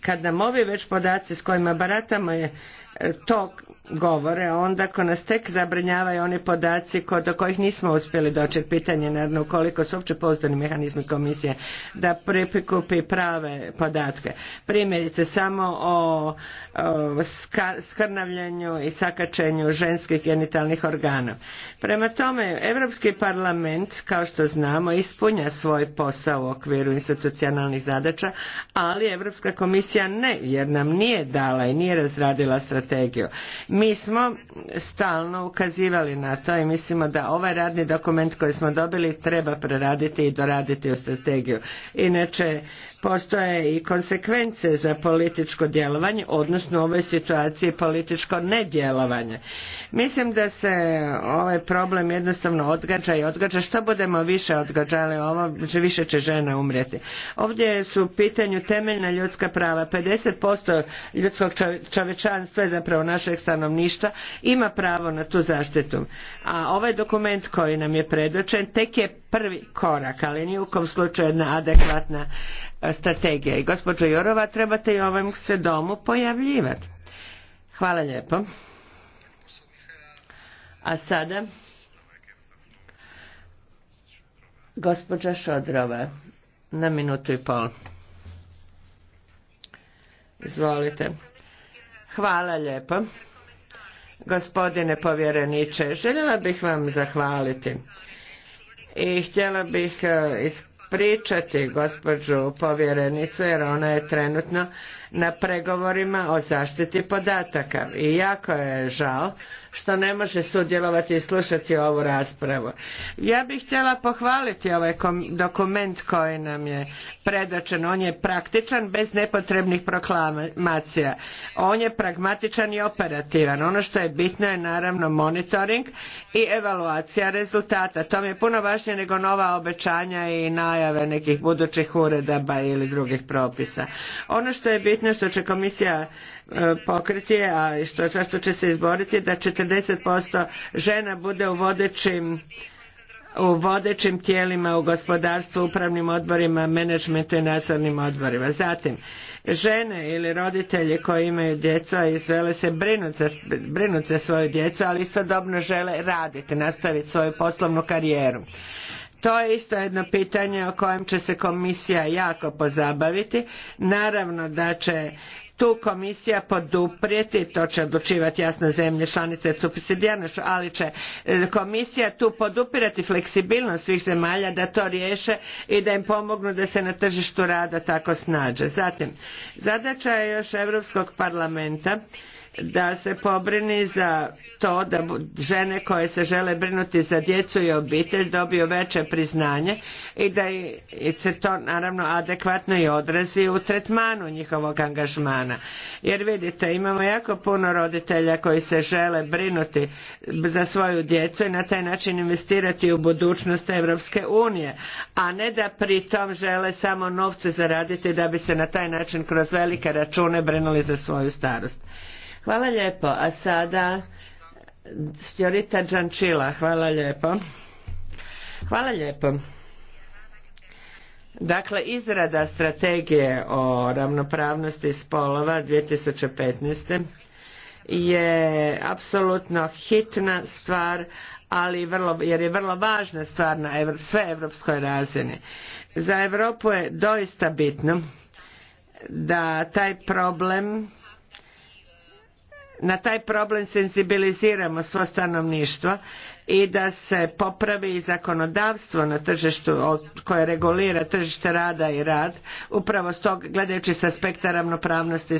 Kad nam ovi već podaci s kojima baratamo je e, to govore, onda ko nas tek zabrinjavaju oni podaci do kojih nismo uspjeli doći. Pitanje naravno koliko su uopće pozdani mehanizmi komisije da prikupi prave podatke. Primjerice samo o, skrnavljenju i sakačenju ženskih genitalnih organa. Prema tome, Europski parlament, kao što znamo, ispunja svoj posao u okviru institucionalnih zadaća, ali Europska komisija ne, jer nam nije dala i nije razradila strategiju mi smo stalno ukazivali na to i mislimo da ovaj radni dokument koji smo dobili treba preraditi i doraditi u strategiju. Inače, postoje i konsekvence za političko djelovanje, odnosno u ovoj situaciji političko nedjelovanje. Mislim da se ovaj problem jednostavno odgađa i odgađa. Što budemo više odgađali ovo, više će žena umrijeti. Ovdje su u pitanju temeljna ljudska prava. 50% ljudskog čovečanstva je zapravo našeg stanovništva ima pravo na tu zaštitu. A ovaj dokument koji nam je predočen tek je prvi korak, ali ni u kom slučaju jedna adekvatna strategija. I gospođo Jorova, trebate i ovom se domu pojavljivati. Hvala lijepo. A sada gospođa Šodrova na minutu i pol. Izvolite. Hvala lijepo. Gospodine povjereniče, željela bih vam zahvaliti i htjela bih eh, pričati gospođu povjerenicu jer ona je trenutno na pregovorima o zaštiti podataka i jako je žao što ne može sudjelovati i slušati ovu raspravu. Ja bih htjela pohvaliti ovaj dokument koji nam je predočen. On je praktičan bez nepotrebnih proklamacija. On je pragmatičan i operativan. Ono što je bitno je naravno monitoring i evaluacija rezultata. To mi je puno važnije nego nova obećanja i najave nekih budućih uredaba ili drugih propisa. Ono što je bitno bitno što će komisija e, pokriti, a što, za će se izboriti, da 40% žena bude u vodećim u tijelima u gospodarstvu, upravnim odborima, menadžmentu i nadzornim odborima. Zatim, žene ili roditelji koji imaju djeca i žele se brinuti za, brinut za svoju djecu, ali istodobno žele raditi, nastaviti svoju poslovnu karijeru. To je isto jedno pitanje o kojem će se komisija jako pozabaviti. Naravno da će tu komisija poduprijeti, to će odlučivati jasno zemlje članice supsidijarnošću, ali će e, komisija tu podupirati fleksibilnost svih zemalja da to riješe i da im pomognu da se na tržištu rada tako snađe. Zatim, zadaća je još Europskog parlamenta da se pobrini za to da žene koje se žele brinuti za djecu i obitelj dobiju veće priznanje i da se to naravno adekvatno i odrazi u tretmanu njihovog angažmana. Jer vidite, imamo jako puno roditelja koji se žele brinuti za svoju djecu i na taj način investirati u budućnost Evropske unije, a ne da pri tom žele samo novce zaraditi da bi se na taj način kroz velike račune brinuli za svoju starost. Hvala lijepo. A sada Stjorita Đančila. Hvala lijepo. Hvala lijepo. Dakle, izrada strategije o ravnopravnosti spolova 2015. je apsolutno hitna stvar, ali vrlo, jer je vrlo važna stvar na sve evropskoj razini. Za Europu je doista bitno da taj problem na taj problem senzibiliziramo svo stanovništvo i da se popravi zakonodavstvo na tržištu koje regulira tržište rada i rad upravo gledajući s aspekta ravnopravnosti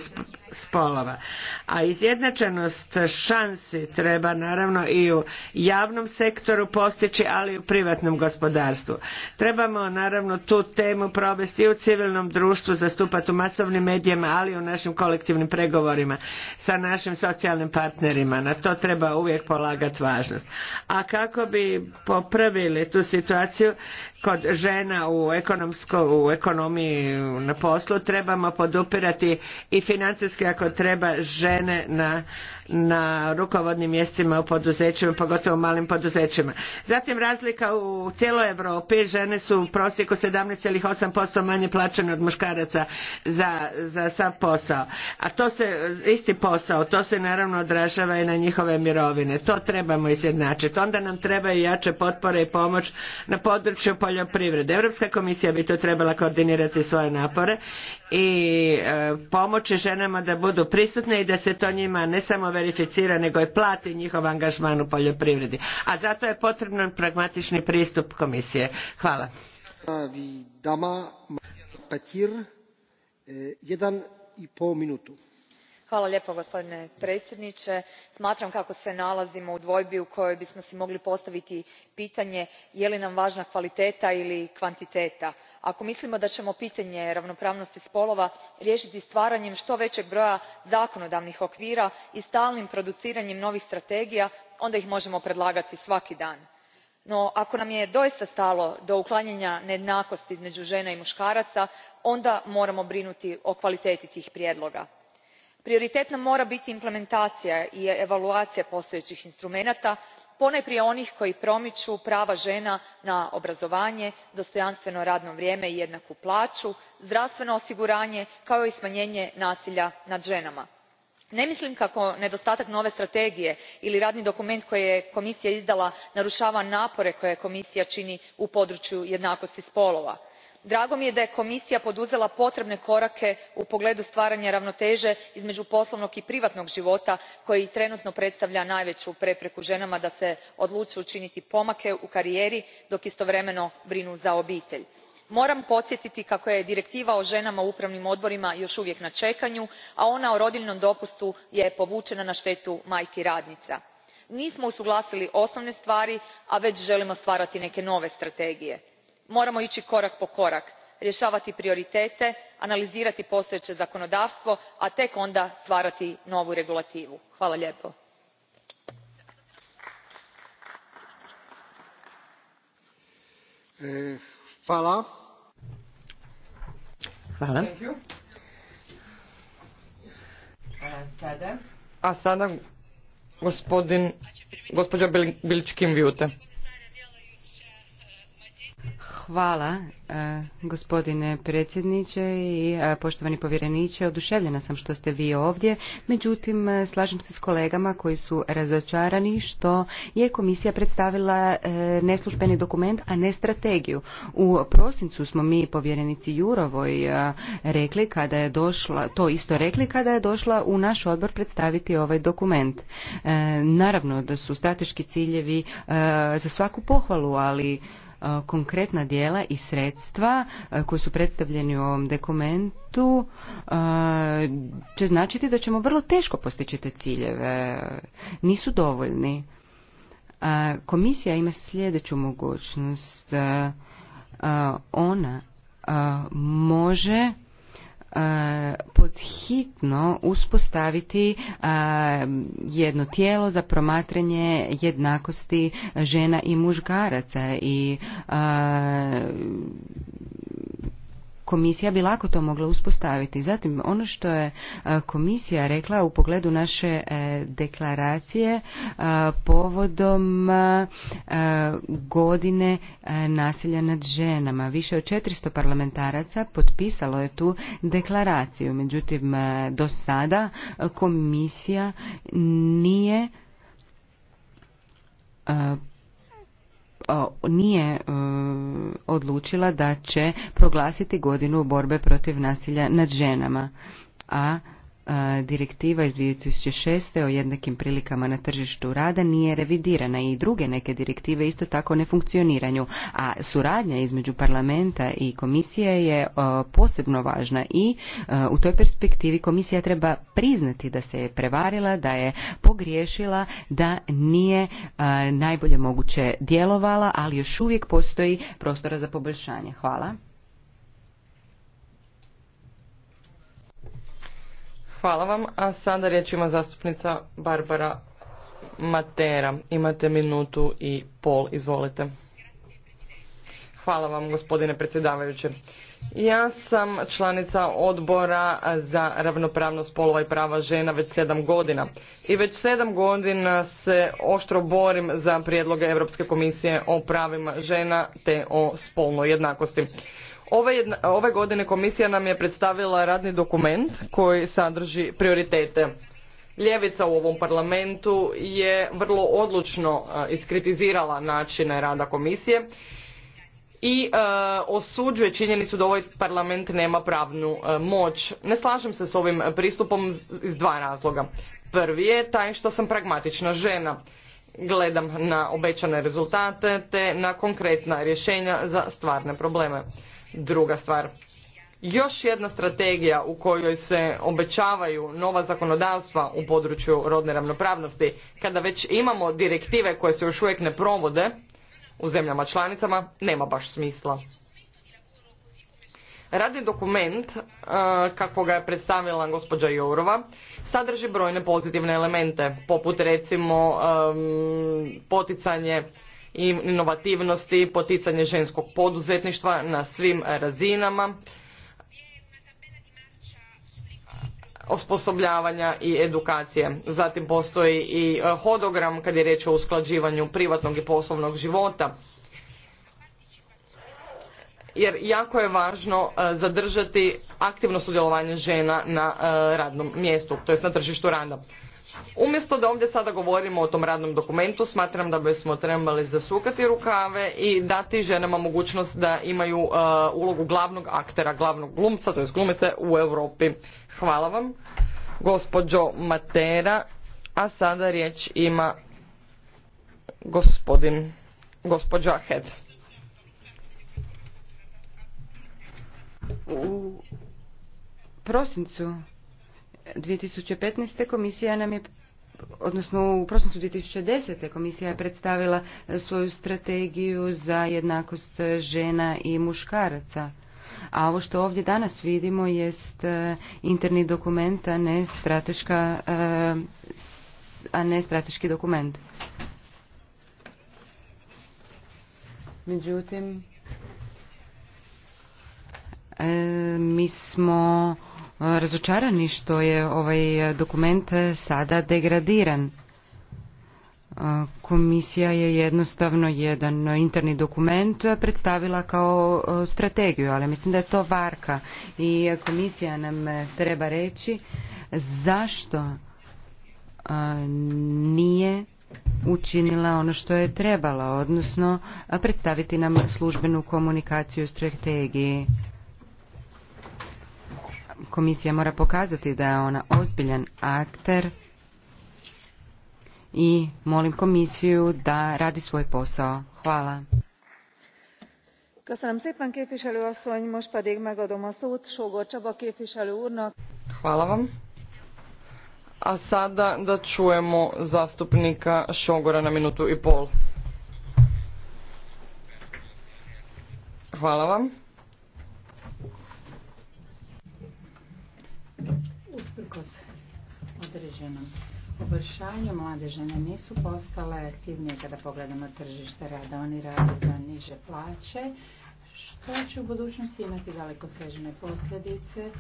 spolova. A izjednačenost šansi treba naravno i u javnom sektoru postići, ali i u privatnom gospodarstvu. Trebamo naravno tu temu provesti i u civilnom društvu, zastupati u masovnim medijima, ali i u našim kolektivnim pregovorima sa našim socijalnim partnerima. Na to treba uvijek polagati važnost a kako bi popravili tu situaciju kod žena u, ekonomiji na poslu trebamo podupirati i financijski ako treba žene na, rukovodnim mjestima u poduzećima, pogotovo u malim poduzećima. Zatim razlika u cijeloj Europi, žene su u prosjeku 17,8% manje plaćene od muškaraca za, sav posao. A to se, isti posao, to se naravno odražava i na njihove mirovine. To trebamo izjednačiti. Onda nam trebaju jače potpore i pomoć na području poljoprivrede. Europska komisija bi to trebala koordinirati svoje napore i e, pomoći ženama da budu prisutne i da se to njima ne samo verificira nego i plati njihov angažman u poljoprivredi. A zato je potrebno pragmatični pristup komisije. Hvala. Dama Petir, e, jedan i pol minutu gospodine predsjedniče smatram kako se nalazimo u dvojbi u kojoj bismo si mogli postaviti pitanje je li nam važna kvaliteta ili kvantiteta. ako mislimo da ćemo pitanje ravnopravnosti spolova riješiti stvaranjem što većeg broja zakonodavnih okvira i stalnim produciranjem novih strategija onda ih možemo predlagati svaki dan. no ako nam je doista stalo do uklanjanja nejednakosti između žena i muškaraca onda moramo brinuti o kvaliteti tih prijedloga prioritetna mora biti implementacija i evaluacija postojećih instrumenata ponajprije onih koji promiču prava žena na obrazovanje dostojanstveno radno vrijeme i jednaku plaću zdravstveno osiguranje kao i smanjenje nasilja nad ženama. ne mislim kako nedostatak nove strategije ili radni dokument koji je komisija izdala narušava napore koje komisija čini u području jednakosti spolova drago mi je da je komisija poduzela potrebne korake u pogledu stvaranja ravnoteže između poslovnog i privatnog života koji trenutno predstavlja najveću prepreku ženama da se odluče učiniti pomake u karijeri dok istovremeno brinu za obitelj. moram podsjetiti kako je direktiva o ženama u upravnim odborima još uvijek na čekanju a ona o rodiljnom dopustu je povučena na štetu majki radnica. nismo usuglasili osnovne stvari a već želimo stvarati neke nove strategije moramo ići korak po korak rješavati prioritete analizirati postojeće zakonodavstvo a tek onda stvarati novu regulativu. Hvala e, gospodine predsjedniče i e, poštovani povjereniče. Oduševljena sam što ste vi ovdje, međutim e, slažem se s kolegama koji su razočarani što je komisija predstavila neslužbeni dokument, a ne strategiju. U prosincu smo mi povjerenici Jurovoj rekli kada je došla, to isto rekli kada je došla u naš odbor predstaviti ovaj dokument. Naravno da su strateški ciljevi za svaku pohvalu, ali konkretna dijela i sredstva koji su predstavljeni u ovom dokumentu će značiti da ćemo vrlo teško postići te ciljeve. Nisu dovoljni. Komisija ima sljedeću mogućnost. Ona može E, podhitno uspostaviti e, jedno tijelo za promatranje jednakosti žena i muškaraca i e, komisija bi lako to mogla uspostaviti. Zatim, ono što je e, komisija rekla u pogledu naše e, deklaracije e, povodom godine nasilja nad ženama. Više od 400 parlamentaraca potpisalo je tu deklaraciju. Međutim, do sada komisija nije nije e, odlučila da će proglasiti godinu borbe protiv nasilja nad ženama, a direktiva iz 2006. o jednakim prilikama na tržištu rada nije revidirana i druge neke direktive isto tako ne funkcioniranju, a suradnja između parlamenta i komisije je posebno važna i e, u toj perspektivi komisija treba priznati da se je prevarila, da je pogriješila, da nije e, najbolje moguće djelovala, ali još uvijek postoji prostora za poboljšanje. Hvala. Hvala vam. A sada riječ ima zastupnica Barbara Matera. Imate minutu i pol, izvolite. Hvala vam gospodine predsjedavajući. Ja sam članica odbora za ravnopravnost spolova i prava žena već sedam godina. I već sedam godina se oštro borim za prijedloge Europske komisije o pravima žena te o spolnoj jednakosti. Ove, godine komisija nam je predstavila radni dokument koji sadrži prioritete. Ljevica u ovom parlamentu je vrlo odlučno e, iskritizirala načine rada komisije i e, osuđuje činjenicu da ovaj parlament nema pravnu e, moć. Ne slažem se s ovim pristupom iz dva razloga. Prvi je taj što sam pragmatična žena. Gledam na obećane rezultate te na konkretna rješenja za stvarne probleme. Druga stvar, još jedna strategija u kojoj se obećavaju nova zakonodavstva u području rodne ravnopravnosti, kada već imamo direktive koje se još uvijek ne provode u zemljama članicama, nema baš smisla. Radni dokument, e, kako ga je predstavila gospođa Jourova, sadrži brojne pozitivne elemente, poput recimo poticanje inovativnosti, poticanje ženskog poduzetništva na svim razinama, osposobljavanja i edukacije. Zatim postoji i e, hodogram kad je riječ o usklađivanju privatnog i poslovnog života jer jako je važno e, zadržati aktivno sudjelovanje žena na e, radnom mjestu, to jest na tržištu rada. Umjesto da ovdje sada govorimo o tom radnom dokumentu, smatram da bismo trebali zasukati rukave i dati ženama mogućnost da imaju uh, ulogu glavnog aktera, glavnog glumca, to je glumite u Europi. Hvala vam, gospođo Matera. A sada riječ ima gospodin, gospođa hed U prosincu 2015. komisija nam je odnosno u prosincu 2010. komisija je predstavila e, svoju strategiju za jednakost žena i muškaraca. A ovo što ovdje danas vidimo jest e, interni dokument, a ne, strateška, e, a ne strateški dokument. Međutim, mi smo razočarani što je ovaj dokument sada degradiran. Komisija je jednostavno jedan interni dokument predstavila kao e, strategiju, ali mislim da je to varka i komisija nam e, treba reći zašto e, nije učinila ono što je trebala, odnosno predstaviti nam službenu komunikaciju strategiji komisija mora pokazati da je ona ozbiljan akter i molim komisiju da radi svoj posao. Hvala. Hvala vam. A sada da čujemo zastupnika Šogora na minutu i pol. Hvala vam. Usprkos određenom poboljšanju, mlade žene nisu postale aktivnije kada pogledamo tržište rada. Oni rade za niže plaće, što će u budućnosti imati daleko sežene posljedice,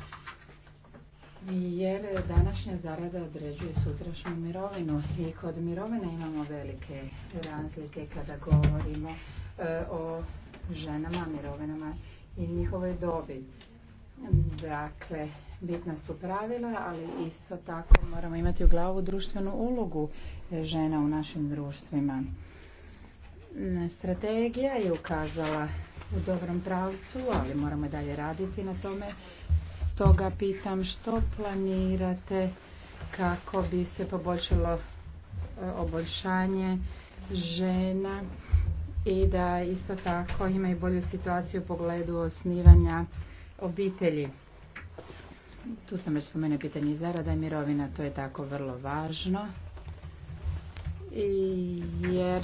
jer današnja zarada određuje sutrašnju mirovinu i kod mirovine imamo velike razlike kada govorimo e, o ženama, mirovinama i njihovoj dobi. Dakle, bitna su pravila, ali isto tako moramo imati u glavu društvenu ulogu e, žena u našim društvima. Mm, strategija je ukazala u dobrom pravcu, ali moramo dalje raditi na tome. Stoga pitam što planirate kako bi se poboljšalo e, oboljšanje žena i da isto tako imaju bolju situaciju u pogledu osnivanja obitelji. Tu sam već spomenuo pitanje zarada i mirovina, to je tako vrlo važno. I jer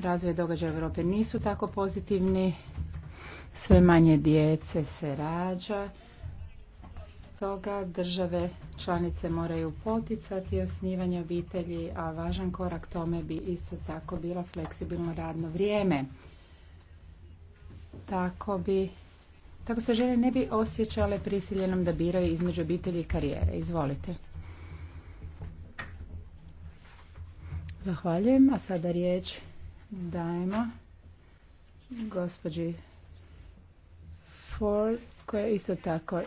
razvoj događaja u Europi nisu tako pozitivni, sve manje djece se rađa, stoga države članice moraju poticati osnivanje obitelji, a važan korak tome bi isto tako bilo fleksibilno radno vrijeme. Tako bi tako se žene ne bi osjećale prisiljenom da biraju između obitelji i karijere. Izvolite. Zahvaljujem, a sada riječ dajemo gospođi Ford, koja je isto tako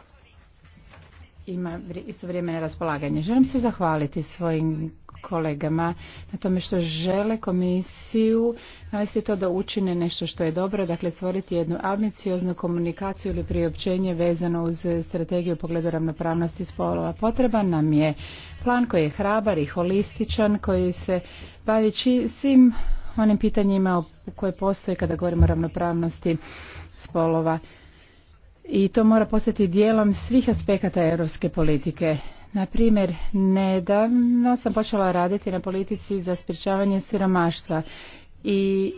ima isto vrijeme na raspolaganje. Želim se zahvaliti svojim kolegama na tome što žele komisiju navesti to da učine nešto što je dobro, dakle stvoriti jednu ambicioznu komunikaciju ili priopćenje vezano uz strategiju pogledu ravnopravnosti spolova. Potreban nam je plan koji je hrabar i holističan, koji se bavi svim onim pitanjima koje postoje kada govorimo o ravnopravnosti spolova i to mora postati dijelom svih aspekata europske politike. Na primjer, nedavno sam počela raditi na politici za sprječavanje siromaštva i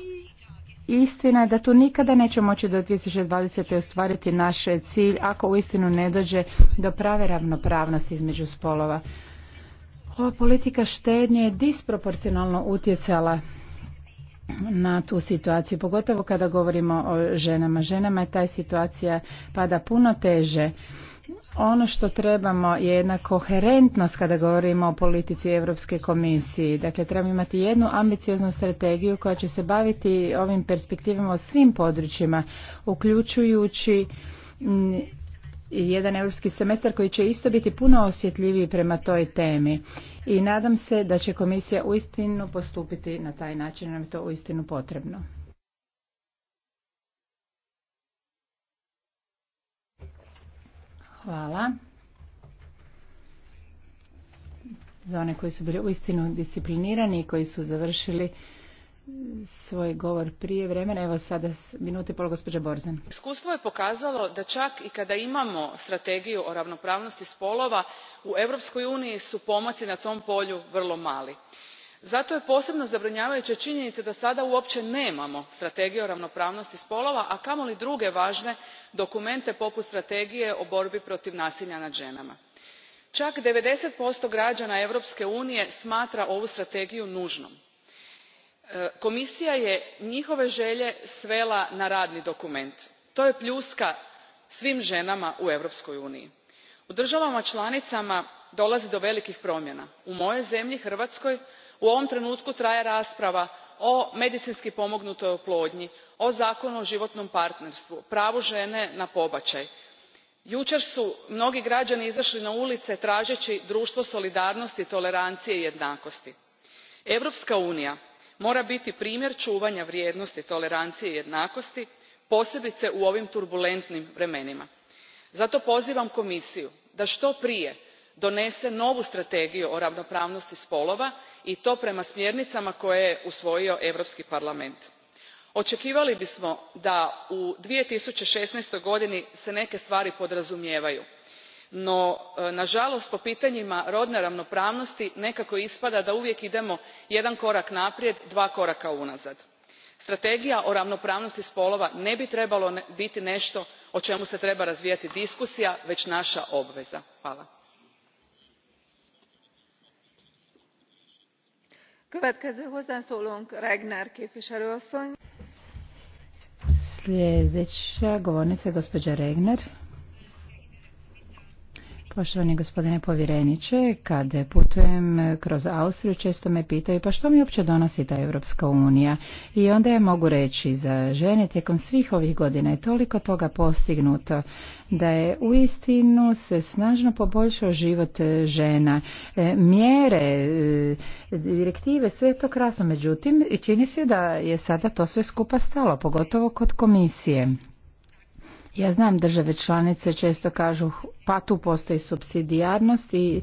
istina je da tu nikada nećemo moći do 2020. ostvariti naš cilj ako uistinu ne dođe do prave ravnopravnosti između spolova. Ova politika štednje je disproporcionalno utjecala na tu situaciju, pogotovo kada govorimo o ženama. Ženama je taj situacija pada puno teže. Ono što trebamo je jedna koherentnost kada govorimo o politici Europske komisije. Dakle, trebamo imati jednu ambicioznu strategiju koja će se baviti ovim perspektivama u svim područjima, uključujući jedan europski semestar koji će isto biti puno osjetljiviji prema toj temi i nadam se da će komisija uistinu postupiti na taj način nam je to uistinu potrebno. Hvala. Za one koji su bili uistinu disciplinirani i koji su završili svoj govor prije vremena. Evo sada minute pol gospođa Borzan. Iskustvo je pokazalo da čak i kada imamo strategiju o ravnopravnosti spolova u Europskoj uniji su pomaci na tom polju vrlo mali. Zato je posebno zabrinjavajuća činjenica da sada uopće nemamo strategiju o ravnopravnosti spolova, a kamoli druge važne dokumente poput strategije o borbi protiv nasilja nad ženama. Čak 90% građana Europske unije smatra ovu strategiju nužnom E, komisija je njihove želje svela na radni dokument. to je pljuska svim ženama u europskoj uniji. u državama članicama dolazi do velikih promjena. u mojoj zemlji hrvatskoj u ovom trenutku traje rasprava o medicinski pomognutoj oplodnji o zakonu o životnom partnerstvu pravu žene na pobačaj. jučer su mnogi građani izašli na ulice tražeći društvo solidarnosti tolerancije i jednakosti. europska unija mora biti primjer čuvanja vrijednosti tolerancije i jednakosti posebice u ovim turbulentnim vremenima. zato pozivam komisiju da to prije donese novu strategiju o ravnopravnosti spolova i to prema smjernicama koje je usvojio europski parlament. Očekivali bismo da u. two thousand and sixteen godini se neke stvari podrazumijevaju no e, nažalost, po pitanjima rodne ravnopravnosti nekako ispada da uvijek idemo jedan korak naprijed dva koraka unazad. strategija o ravnopravnosti spolova ne bi trebala biti neto o čemu se treba razvijati diskusija već naša obveza. Regner. Poštovani gospodine povjereniče, kad putujem kroz Austriju često me pitaju pa što mi uopće donosi ta Europska unija i onda ja mogu reći za žene tijekom svih ovih godina je toliko toga postignuto da je u istinu se snažno poboljšao život e, žena. E, mjere, e, direktive, sve je to krasno, međutim čini se da je sada to sve skupa stalo, pogotovo kod komisije. Ja znam države članice često kažu pa tu postoji subsidijarnost i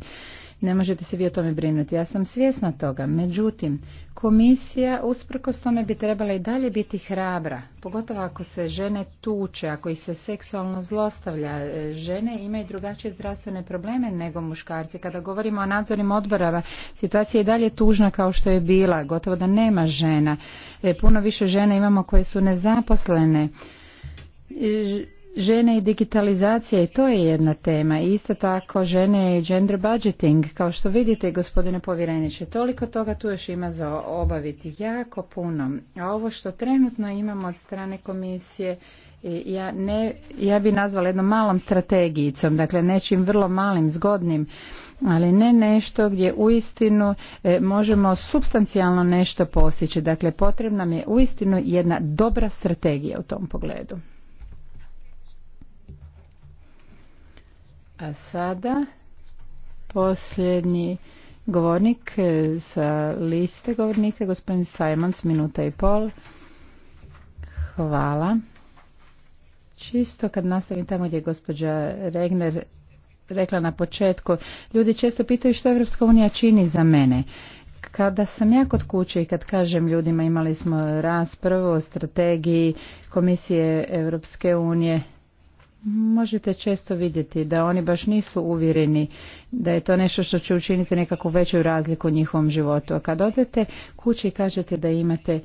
ne možete se vi o tome brinuti. Ja sam svjesna toga. Međutim, komisija usprkos tome bi trebala i dalje biti hrabra. Pogotovo ako se žene tuče, ako ih se seksualno zlostavlja. E, žene imaju drugačije zdravstvene probleme nego muškarci. Kada govorimo o nadzornim odborava, situacija je i dalje tužna kao što je bila. Gotovo da nema žena. E, puno više žena imamo koje su nezaposlene e, žene i digitalizacija i to je jedna tema. Isto tako žene i gender budgeting. Kao što vidite, gospodine povjereniče, toliko toga tu još ima za obaviti. Jako puno. A ovo što trenutno imamo od strane komisije, ja, ne, ja bi nazvala jednom malom strategijicom, dakle nečim vrlo malim, zgodnim, ali ne nešto gdje uistinu e, možemo substancijalno nešto postići. Dakle, potrebna nam je uistinu jedna dobra strategija u tom pogledu. A sada posljednji govornik e, sa liste govornika, gospodin Simons, minuta i pol. Hvala. Čisto kad nastavim tamo gdje je gospođa Regner rekla na početku, ljudi često pitaju što Evropska unija čini za mene. Kada sam ja kod kuće i kad kažem ljudima imali smo raspravu o strategiji Komisije Europske unije možete često vidjeti da oni baš nisu uvjereni da je to nešto što će učiniti nekakvu veću razliku u njihovom životu. A kad odete kući i kažete da imate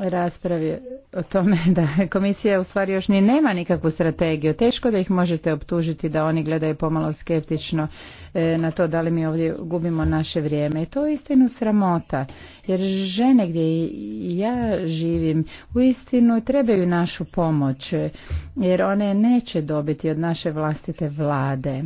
raspravi o tome [LAUGHS] da komisija u stvari još ni nema nikakvu strategiju. Teško da ih možete optužiti da oni gledaju pomalo skeptično e, na to da li mi ovdje gubimo naše vrijeme. I to je istinu sramota. Jer žene gdje ja živim u istinu trebaju našu pomoć. Jer one neće dobiti od naše vlastite vlade.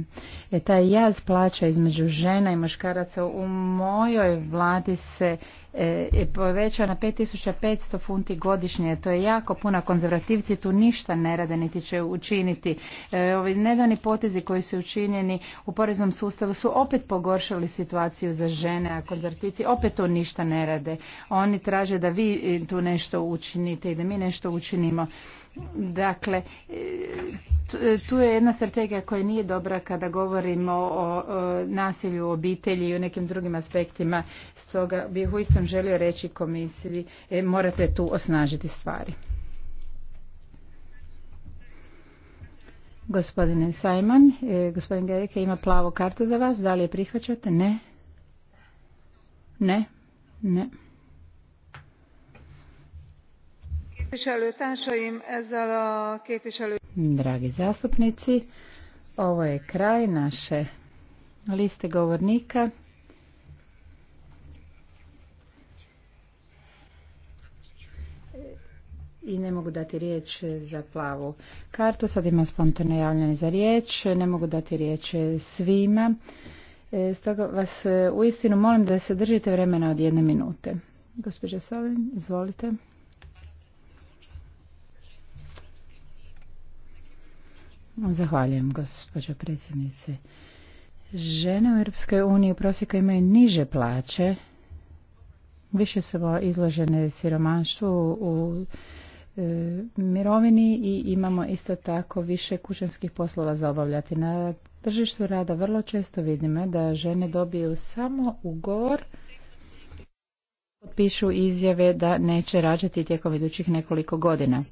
E, taj jaz plaća između žena i muškaraca u mojoj vladi se E, poveća na 5500 funti godišnje. To je jako puno. Konzervativci tu ništa ne rade niti će učiniti. E, ovi nedavni potezi koji su učinjeni u poreznom sustavu su opet pogoršali situaciju za žene, a konzervativci opet tu ništa ne rade. Oni traže da vi tu nešto učinite i da mi nešto učinimo. Dakle, tu je jedna strategija koja nije dobra kada govorimo o, nasilju u obitelji i o nekim drugim aspektima. Stoga bih uistinu želio reći komisiji, e, morate tu osnažiti stvari. Gospodine Sajman, e, gospodin Gerike ima plavu kartu za vas. Da li je prihvaćate? Ne. Ne. Ne. Dragi zastupnici, ovo je kraj naše liste govornika. i ne mogu dati riječ za plavu kartu. Sad ima spontano javljanje za riječ, ne mogu dati riječ svima. E, stoga vas e, uistinu molim da se držite vremena od jedne minute. Gospođa Solin, izvolite. Zahvaljujem, gospođo predsjednice. Žene u Europskoj uniji u prosjeku imaju niže plaće, više su izložene siromaštvu u e, mirovini i imamo isto tako više kućanskih poslova za obavljati. Na tržištu rada vrlo često vidimo da žene dobiju samo ugovor potpišu izjave da neće rađati tijekom idućih nekoliko godina.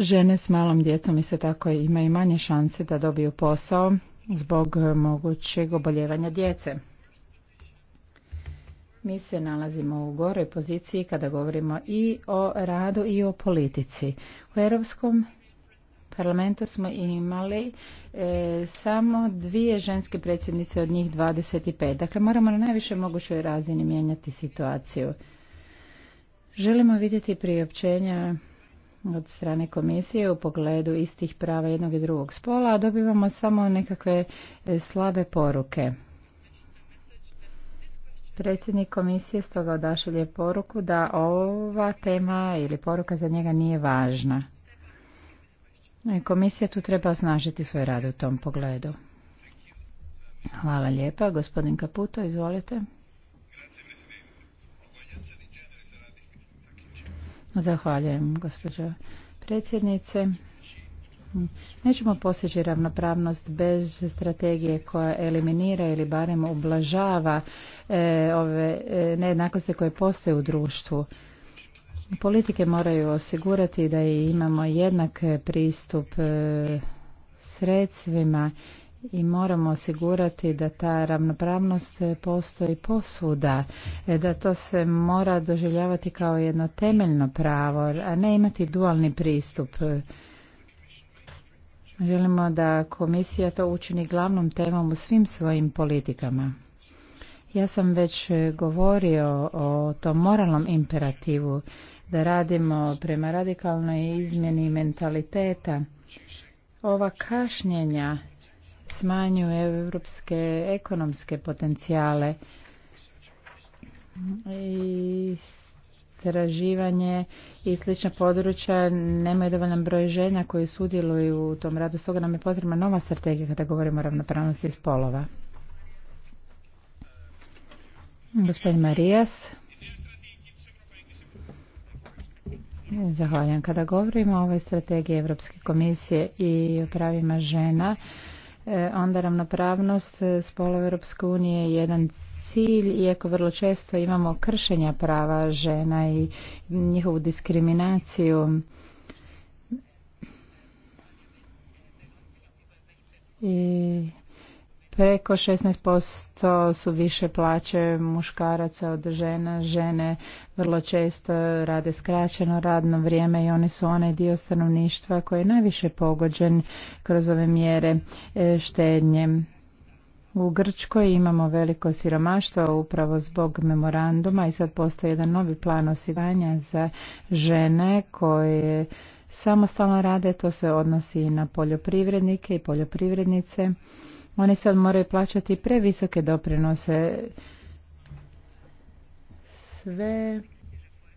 Žene s malom djecom isto tako imaju manje šanse da dobiju posao zbog eh, mogućeg oboljevanja djece. Mi se nalazimo u goroj poziciji kada govorimo i o radu i o politici. U Europskom parlamentu smo imali eh, samo dvije ženske predsjednice od njih 25. Dakle, moramo na najviše mogućoj razini mijenjati situaciju. Želimo vidjeti priopćenja od strane komisije u pogledu istih prava jednog i drugog spola, a dobivamo samo nekakve e, slabe poruke. Predsjednik komisije stoga odašelje poruku da ova tema ili poruka za njega nije važna. Komisija tu treba osnažiti svoj rad u tom pogledu. Hvala lijepa. Gospodin Kaputo, izvolite. Zahvaljujem, gospođo predsjednice. Nećemo postići ravnopravnost bez strategije koja eliminira ili barem ublažava e, ove e, nejednakosti koje postoje u društvu. Politike moraju osigurati da imamo jednak pristup e, sredstvima i moramo osigurati da ta ravnopravnost postoji posvuda, e, da to se mora doživljavati kao jedno temeljno pravo, a ne imati dualni pristup. Želimo da komisija to učini glavnom temom u svim svojim politikama. Ja sam već govorio o tom moralnom imperativu da radimo prema radikalnoj izmjeni mentaliteta. Ova kašnjenja smanjuje europske ekonomske potencijale i istraživanje i slična područja nemaju dovoljan broj žena koji sudjeluju u tom radu. Stoga nam je potrebna nova strategija kada govorimo o ravnopravnosti spolova. Gospodin Marijas. Zahvaljujem. Kada govorimo o ovoj strategiji Europske komisije i o pravima žena, E, onda ravnopravnost e, spola Europske unije je jedan cilj, iako vrlo često imamo kršenja prava žena i njihovu diskriminaciju. I preko 16% su više plaće muškaraca od žena. Žene vrlo često rade skraćeno radno vrijeme i one su onaj dio stanovništva koji je najviše pogođen kroz ove mjere e, štednje. U Grčkoj imamo veliko siromaštvo upravo zbog memoranduma i sad postoji jedan novi plan osiguranja za žene koje samostalno rade, to se odnosi i na poljoprivrednike i poljoprivrednice. Oni sad moraju plaćati previsoke doprinose. Sve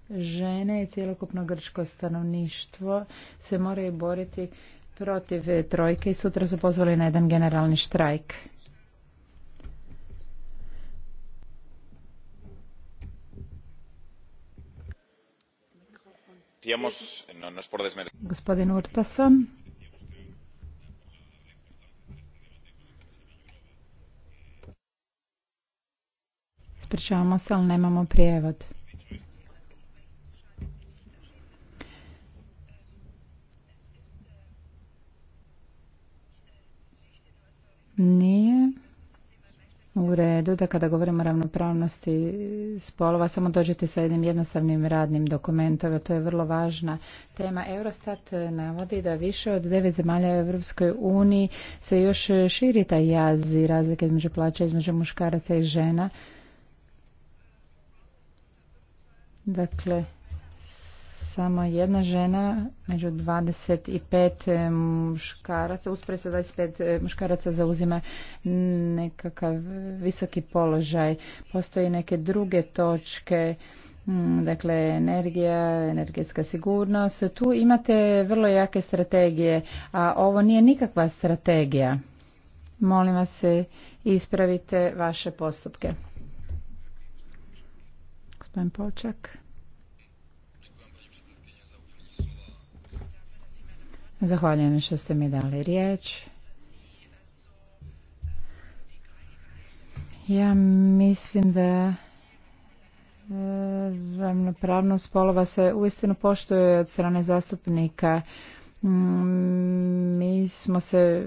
žene i cijelokupno grčko stanovništvo se moraju boriti protiv trojke i sutra su pozvali na jedan generalni štrajk. Gospodin Urtason. Ispričavamo se, ali nemamo prijevod. Nije u redu da kada govorimo o ravnopravnosti spolova samo dođete sa jednim jednostavnim radnim dokumentom, to je vrlo važna tema. Eurostat navodi da više od devet zemalja u Europskoj uniji se još širi taj jaz i razlike između plaća između muškaraca i žena. Dakle, samo jedna žena među 25 eh, muškaraca, uspred se 25 muškaraca zauzima nekakav visoki položaj. Postoje neke druge točke, mm, dakle energija, energetska sigurnost. Tu imate vrlo jake strategije, a ovo nije nikakva strategija. Molim vas, eh, ispravite vaše postupke. Gospodin Počak. Zahvaljujem što ste mi dali riječ. Ja mislim da e, ravnopravnost polova se uistinu poštuje od strane zastupnika Mm, mi smo se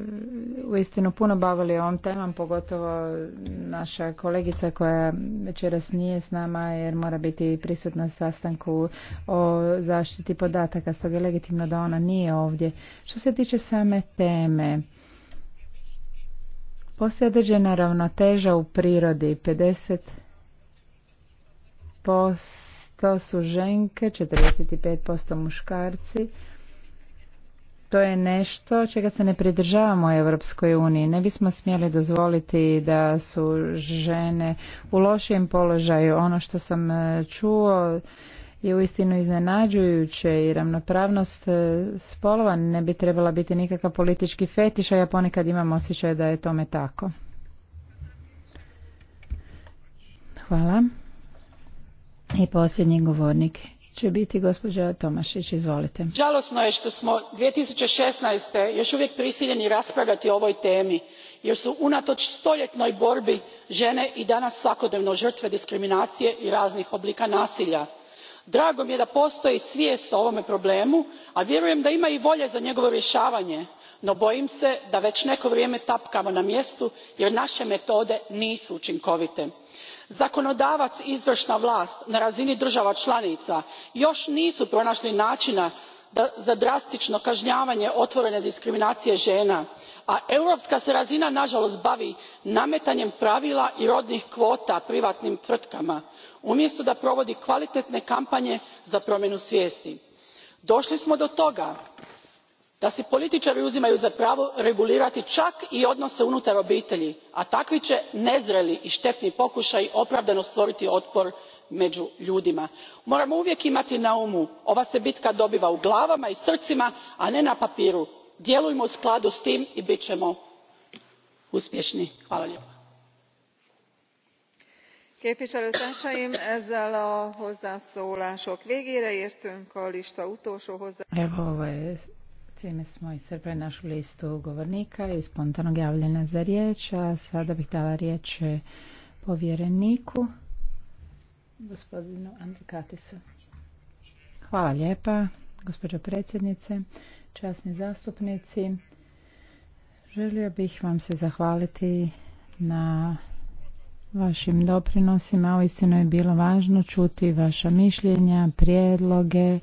uistinu puno bavili ovom temom, pogotovo naša kolegica koja večeras nije s nama jer mora biti prisutna sastanku o zaštiti podataka, stoga je legitimno da ona nije ovdje. Što se tiče same teme, postoje određena ravnoteža u prirodi, 50 posto su ženke, 45% muškarci to je nešto čega se ne pridržavamo u Europskoj uniji. Ne bismo smjeli dozvoliti da su žene u lošijem položaju. Ono što sam e, čuo je uistinu iznenađujuće i ravnopravnost e, spolova ne bi trebala biti nikakav politički fetiš, a ja ponekad imam osjećaj da je tome tako. Hvala. I posljednji govornik će biti gospođa Tomašić. Izvolite. Žalosno je što smo 2016. još uvijek prisiljeni raspravljati o ovoj temi, jer su unatoč stoljetnoj borbi žene i danas svakodnevno žrtve diskriminacije i raznih oblika nasilja. Drago mi je da postoji svijest o ovome problemu, a vjerujem da ima i volje za njegovo rješavanje, no bojim se da već neko vrijeme tapkamo na mjestu jer naše metode nisu učinkovite zakonodavac i izvršna vlast na razini država članica još nisu pronašli načina za drastično kažnjavanje otvorene diskriminacije žena a europska se razina nažalost bavi nametanjem pravila i rodnih kvota privatnim tvrtkama umjesto da provodi kvalitetne kampanje za promjenu svijesti. došli smo do toga da si političari uzimaju za pravo regulirati čak i odnose unutar obitelji a takvi će nezreli i štetni pokušaji opravdano stvoriti otpor među ljudima. moramo uvijek imati na umu ova se bitka dobiva u glavama i srcima a ne na papiru. djelujmo u skladu s tim i bit ćemo uspješni. hvala lijepa. Time smo iscrpili našu listu govornika i spontanog javljena za riječ, a sada bih dala riječ povjereniku, gospodinu Andrikatisu. Hvala lijepa, gospođo predsjednice, časni zastupnici. Želio bih vam se zahvaliti na vašim doprinosima. Uistinu je bilo važno čuti vaša mišljenja, prijedloge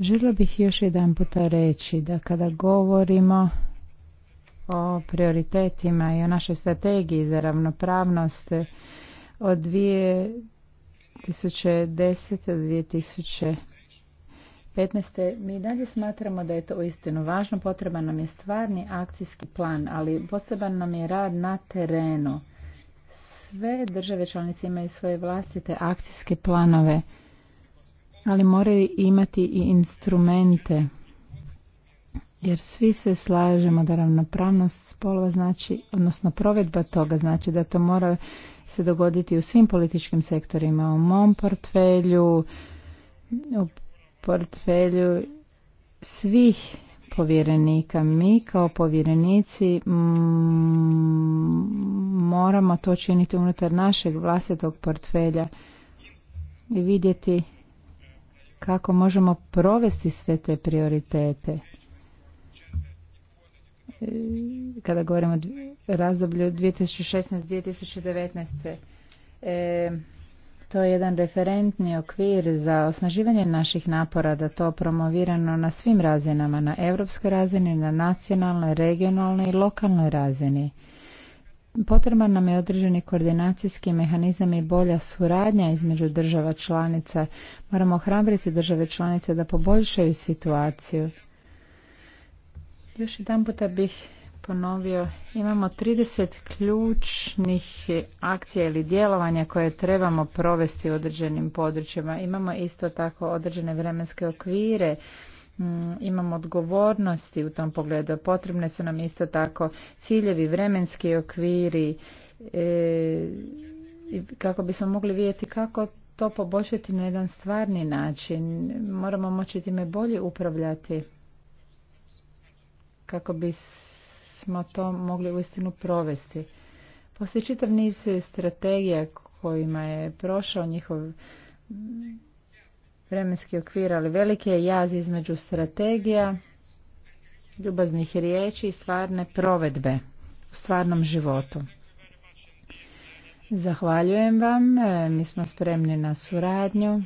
Žela bih još jedan puta reći da kada govorimo o prioritetima i o našoj strategiji za ravnopravnost od 2010. do 2015. mi dalje smatramo da je to uistinu važno. Potreban nam je stvarni akcijski plan, ali potreban nam je rad na terenu. Sve države članice imaju svoje vlastite akcijske planove ali moraju imati i instrumente jer svi se slažemo da ravnopravnost spolova znači, odnosno provedba toga znači da to mora se dogoditi u svim političkim sektorima, u mom portfelju, u portfelju svih povjerenika. Mi kao povjerenici mm, moramo to činiti unutar našeg vlastitog portfelja i vidjeti kako možemo provesti sve te prioritete. E, kada govorimo o razdoblju 2016-2019, e, to je jedan referentni okvir za osnaživanje naših napora da to promovirano na svim razinama, na europskoj razini, na nacionalnoj, regionalnoj i lokalnoj razini. Potreban nam je određeni koordinacijski mehanizam i bolja suradnja između država članica. Moramo hrabriti države članice da poboljšaju situaciju. Još jedan puta bih ponovio, imamo 30 ključnih akcija ili djelovanja koje trebamo provesti u određenim područjima. Imamo isto tako određene vremenske okvire Mm, imamo odgovornosti u tom pogledu. Potrebne su nam isto tako ciljevi, vremenski okviri e, kako bismo mogli vidjeti kako to poboljšati na jedan stvarni način. Moramo moći time bolje upravljati kako bismo to mogli uistinu provesti. Postoji čitav niz strategija kojima je prošao njihov vremenski okvir, ali veliki je jaz između strategija, ljubaznih riječi i stvarne provedbe u stvarnom životu. Zahvaljujem vam, e, mi smo spremni na suradnju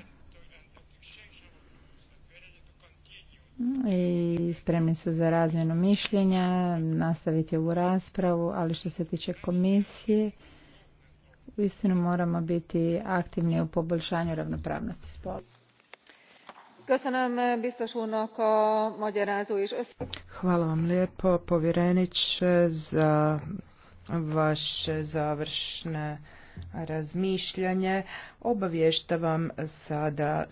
i spremni su za razmjenu mišljenja, nastaviti ovu raspravu, ali što se tiče komisije, uistinu moramo biti aktivni u poboljšanju ravnopravnosti spola. Hvala vam lijepo povjereniče za vaše završne razmišljanje. Obavještavam sada